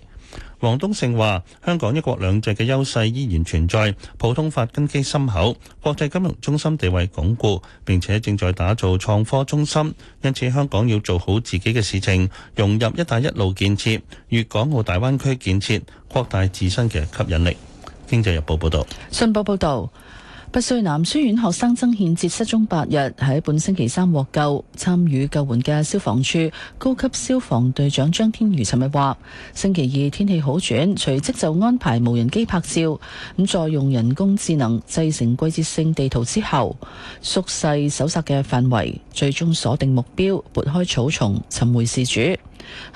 王冬勝話：香港一國兩制嘅優勢依然存在，普通法根基深厚，國際金融中心地位鞏固，並且正在打造創科中心，因此香港要做好自己嘅事情，融入一帶一路建設、粵港澳大灣區建設，擴大自身嘅吸引力。經濟日報報道，信報報道。拔萃男書院學生曾憲哲失蹤八日，喺本星期三獲救。參與救援嘅消防處高級消防隊長張天如尋日話，星期二天氣好轉，隨即就安排無人機拍照，咁再用人工智能製成季節性地圖之後，縮細搜索嘅範圍，最終鎖定目標，撥開草叢尋回事主。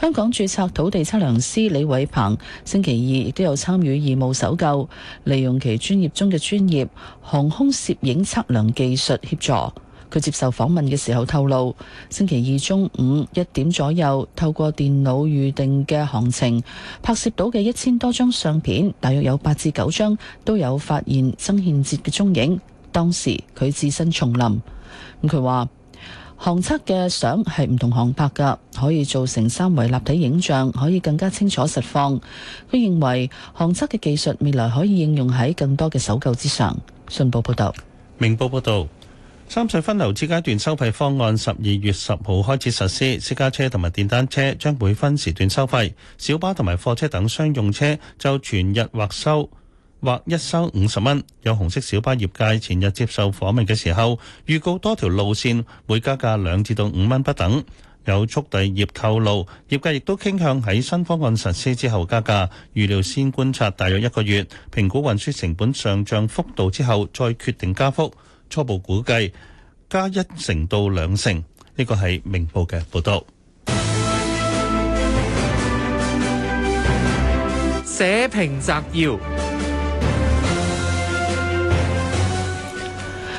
香港註冊土地測量師李偉鵬星期二亦都有參與義務搜救，利用其專業中嘅專業航空攝影測量技術協助。佢接受訪問嘅時候透露，星期二中午一點左右，透過電腦預定嘅行程，拍攝到嘅一千多張相片，大約有八至九張都有發現曾憲捷嘅蹤影。當時佢置身叢林，佢、嗯、話。航測嘅相係唔同航拍㗎，可以做成三維立體影像，可以更加清楚實況。佢認為航測嘅技術未來可以應用喺更多嘅搜救之上。信報報道，明報報道，三隧分流之階段收費方案十二月十號開始實施，私家車同埋電單車將每分時段收費，小巴同埋貨車等商用車就全日劃收。或一收五十蚊。有紅色小巴業界前日接受訪問嘅時候，預告多條路線會加價兩至到五蚊不等。有速遞業透露，業界亦都傾向喺新方案實施之後加價。預料先觀察大約一個月，評估運輸成本上漲幅度之後再決定加幅。初步估計加一成到兩成。呢個係明報嘅報道。社評摘要。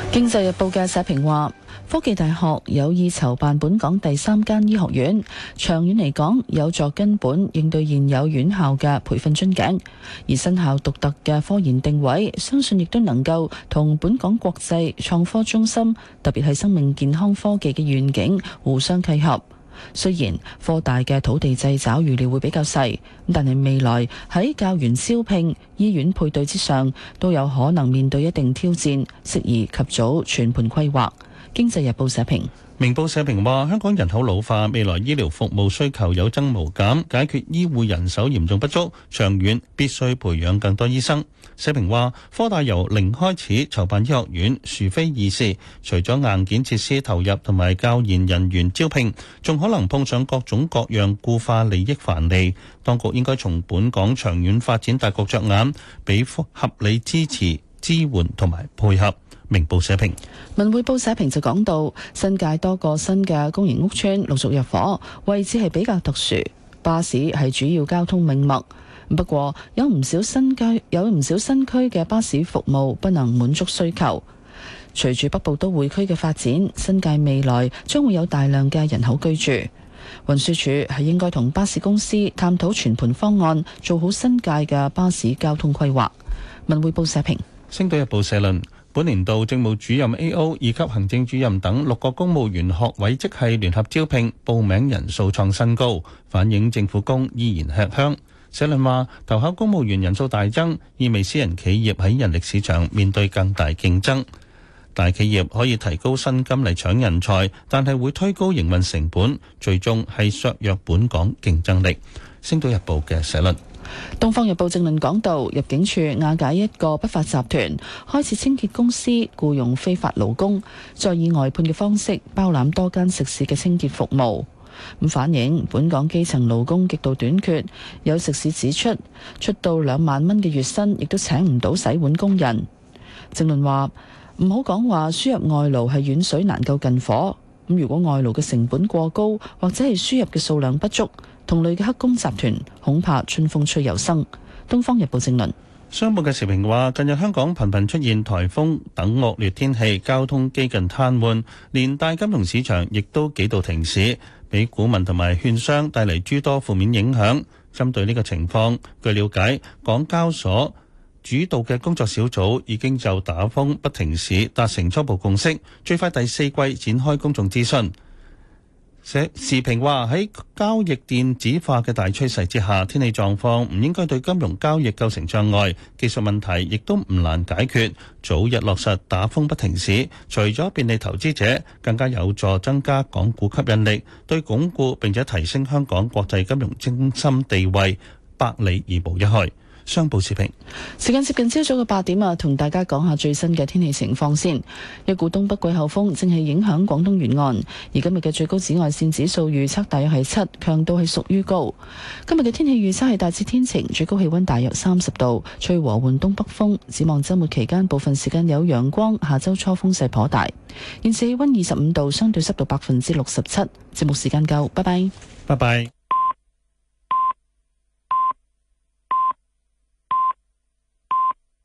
經濟日報嘅社評話，科技大學有意籌辦本港第三間醫學院，長遠嚟講有助根本應對現有院校嘅培訓樽頸，而新校獨特嘅科研定位，相信亦都能夠同本港國際創科中心，特別係生命健康科技嘅願景互相契合。雖然科大嘅土地制找預料會比較細，但係未來喺教員招聘、醫院配對之上，都有可能面對一定挑戰，適宜及早全盤規劃。經濟日報社評。明報社評話，香港人口老化，未來醫療服務需求有增無減，解決醫護人手嚴重不足，長遠必須培養更多醫生。社評話，科大由零開始籌辦醫學院，殊非易事。除咗硬件設施投入同埋教研人員招聘，仲可能碰上各種各樣固化利益藩籬。當局應該從本港長遠發展大局着眼，俾合理支持、支援同埋配合。明報社評，文匯報社評就講到新界多個新嘅公營屋邨陸續入伙，位置係比較特殊，巴士係主要交通命脈。不過有唔少新界有唔少新區嘅巴士服務不能滿足需求。隨住北部都會區嘅發展，新界未來將會有大量嘅人口居住。運輸署係應該同巴士公司探討全盤方案，做好新界嘅巴士交通規劃。文匯報社評，星島日報社論。本年度政務主任、A.O. 二級行政主任等六個公務員學位職系聯合招聘，報名人數創新高，反映政府工依然吃香。社論話，投考公務員人數大增，意味私人企業喺人力市場面對更大競爭。大企業可以提高薪金嚟搶人才，但係會推高營運成本，最終係削弱本港競爭力。《星島日報》嘅社論。《東方日報》政論講到，入境處瓦解一個不法集團，開設清潔公司僱傭非法勞工，再以外判嘅方式包攬多間食肆嘅清潔服務。咁反映本港基層勞工極度短缺，有食肆指出，出到兩萬蚊嘅月薪，亦都請唔到洗碗工人。政論話唔好講話輸入外勞係遠水難救近火，咁如果外勞嘅成本過高，或者係輸入嘅數量不足。同類嘅黑工集團恐怕春風吹又生。《東方日報》正論：商報嘅時評話，近日香港頻頻出現颱風等惡劣天氣，交通幾近癱瘓，連大金融市場亦都幾度停市，俾股民同埋券商帶嚟諸多負面影響。針對呢個情況，據了解，港交所主導嘅工作小組已經就打風不停市達成初步共識，最快第四季展開公眾諮詢。時評話：喺交易電子化嘅大趨勢之下，天氣狀況唔應該對金融交易構成障礙，技術問題亦都唔難解決。早日落實打風不停市，除咗便利投資者，更加有助增加港股吸引力，對鞏固並且提升香港國際金融中心地位，百利而無一害。商報視頻，時間接近朝早嘅八點啊，同大家講下最新嘅天氣情況先。一股東北季候風正係影響廣東沿岸，而今日嘅最高紫外線指數預測大約係七，強度係屬於高。今日嘅天氣預測係大致天晴，最高氣溫大約三十度，吹和緩東北風。展望周末期間部分時間有陽光，下周初風勢頗大。現時氣溫二十五度，相對濕度百分之六十七。節目時間夠，拜拜，拜拜。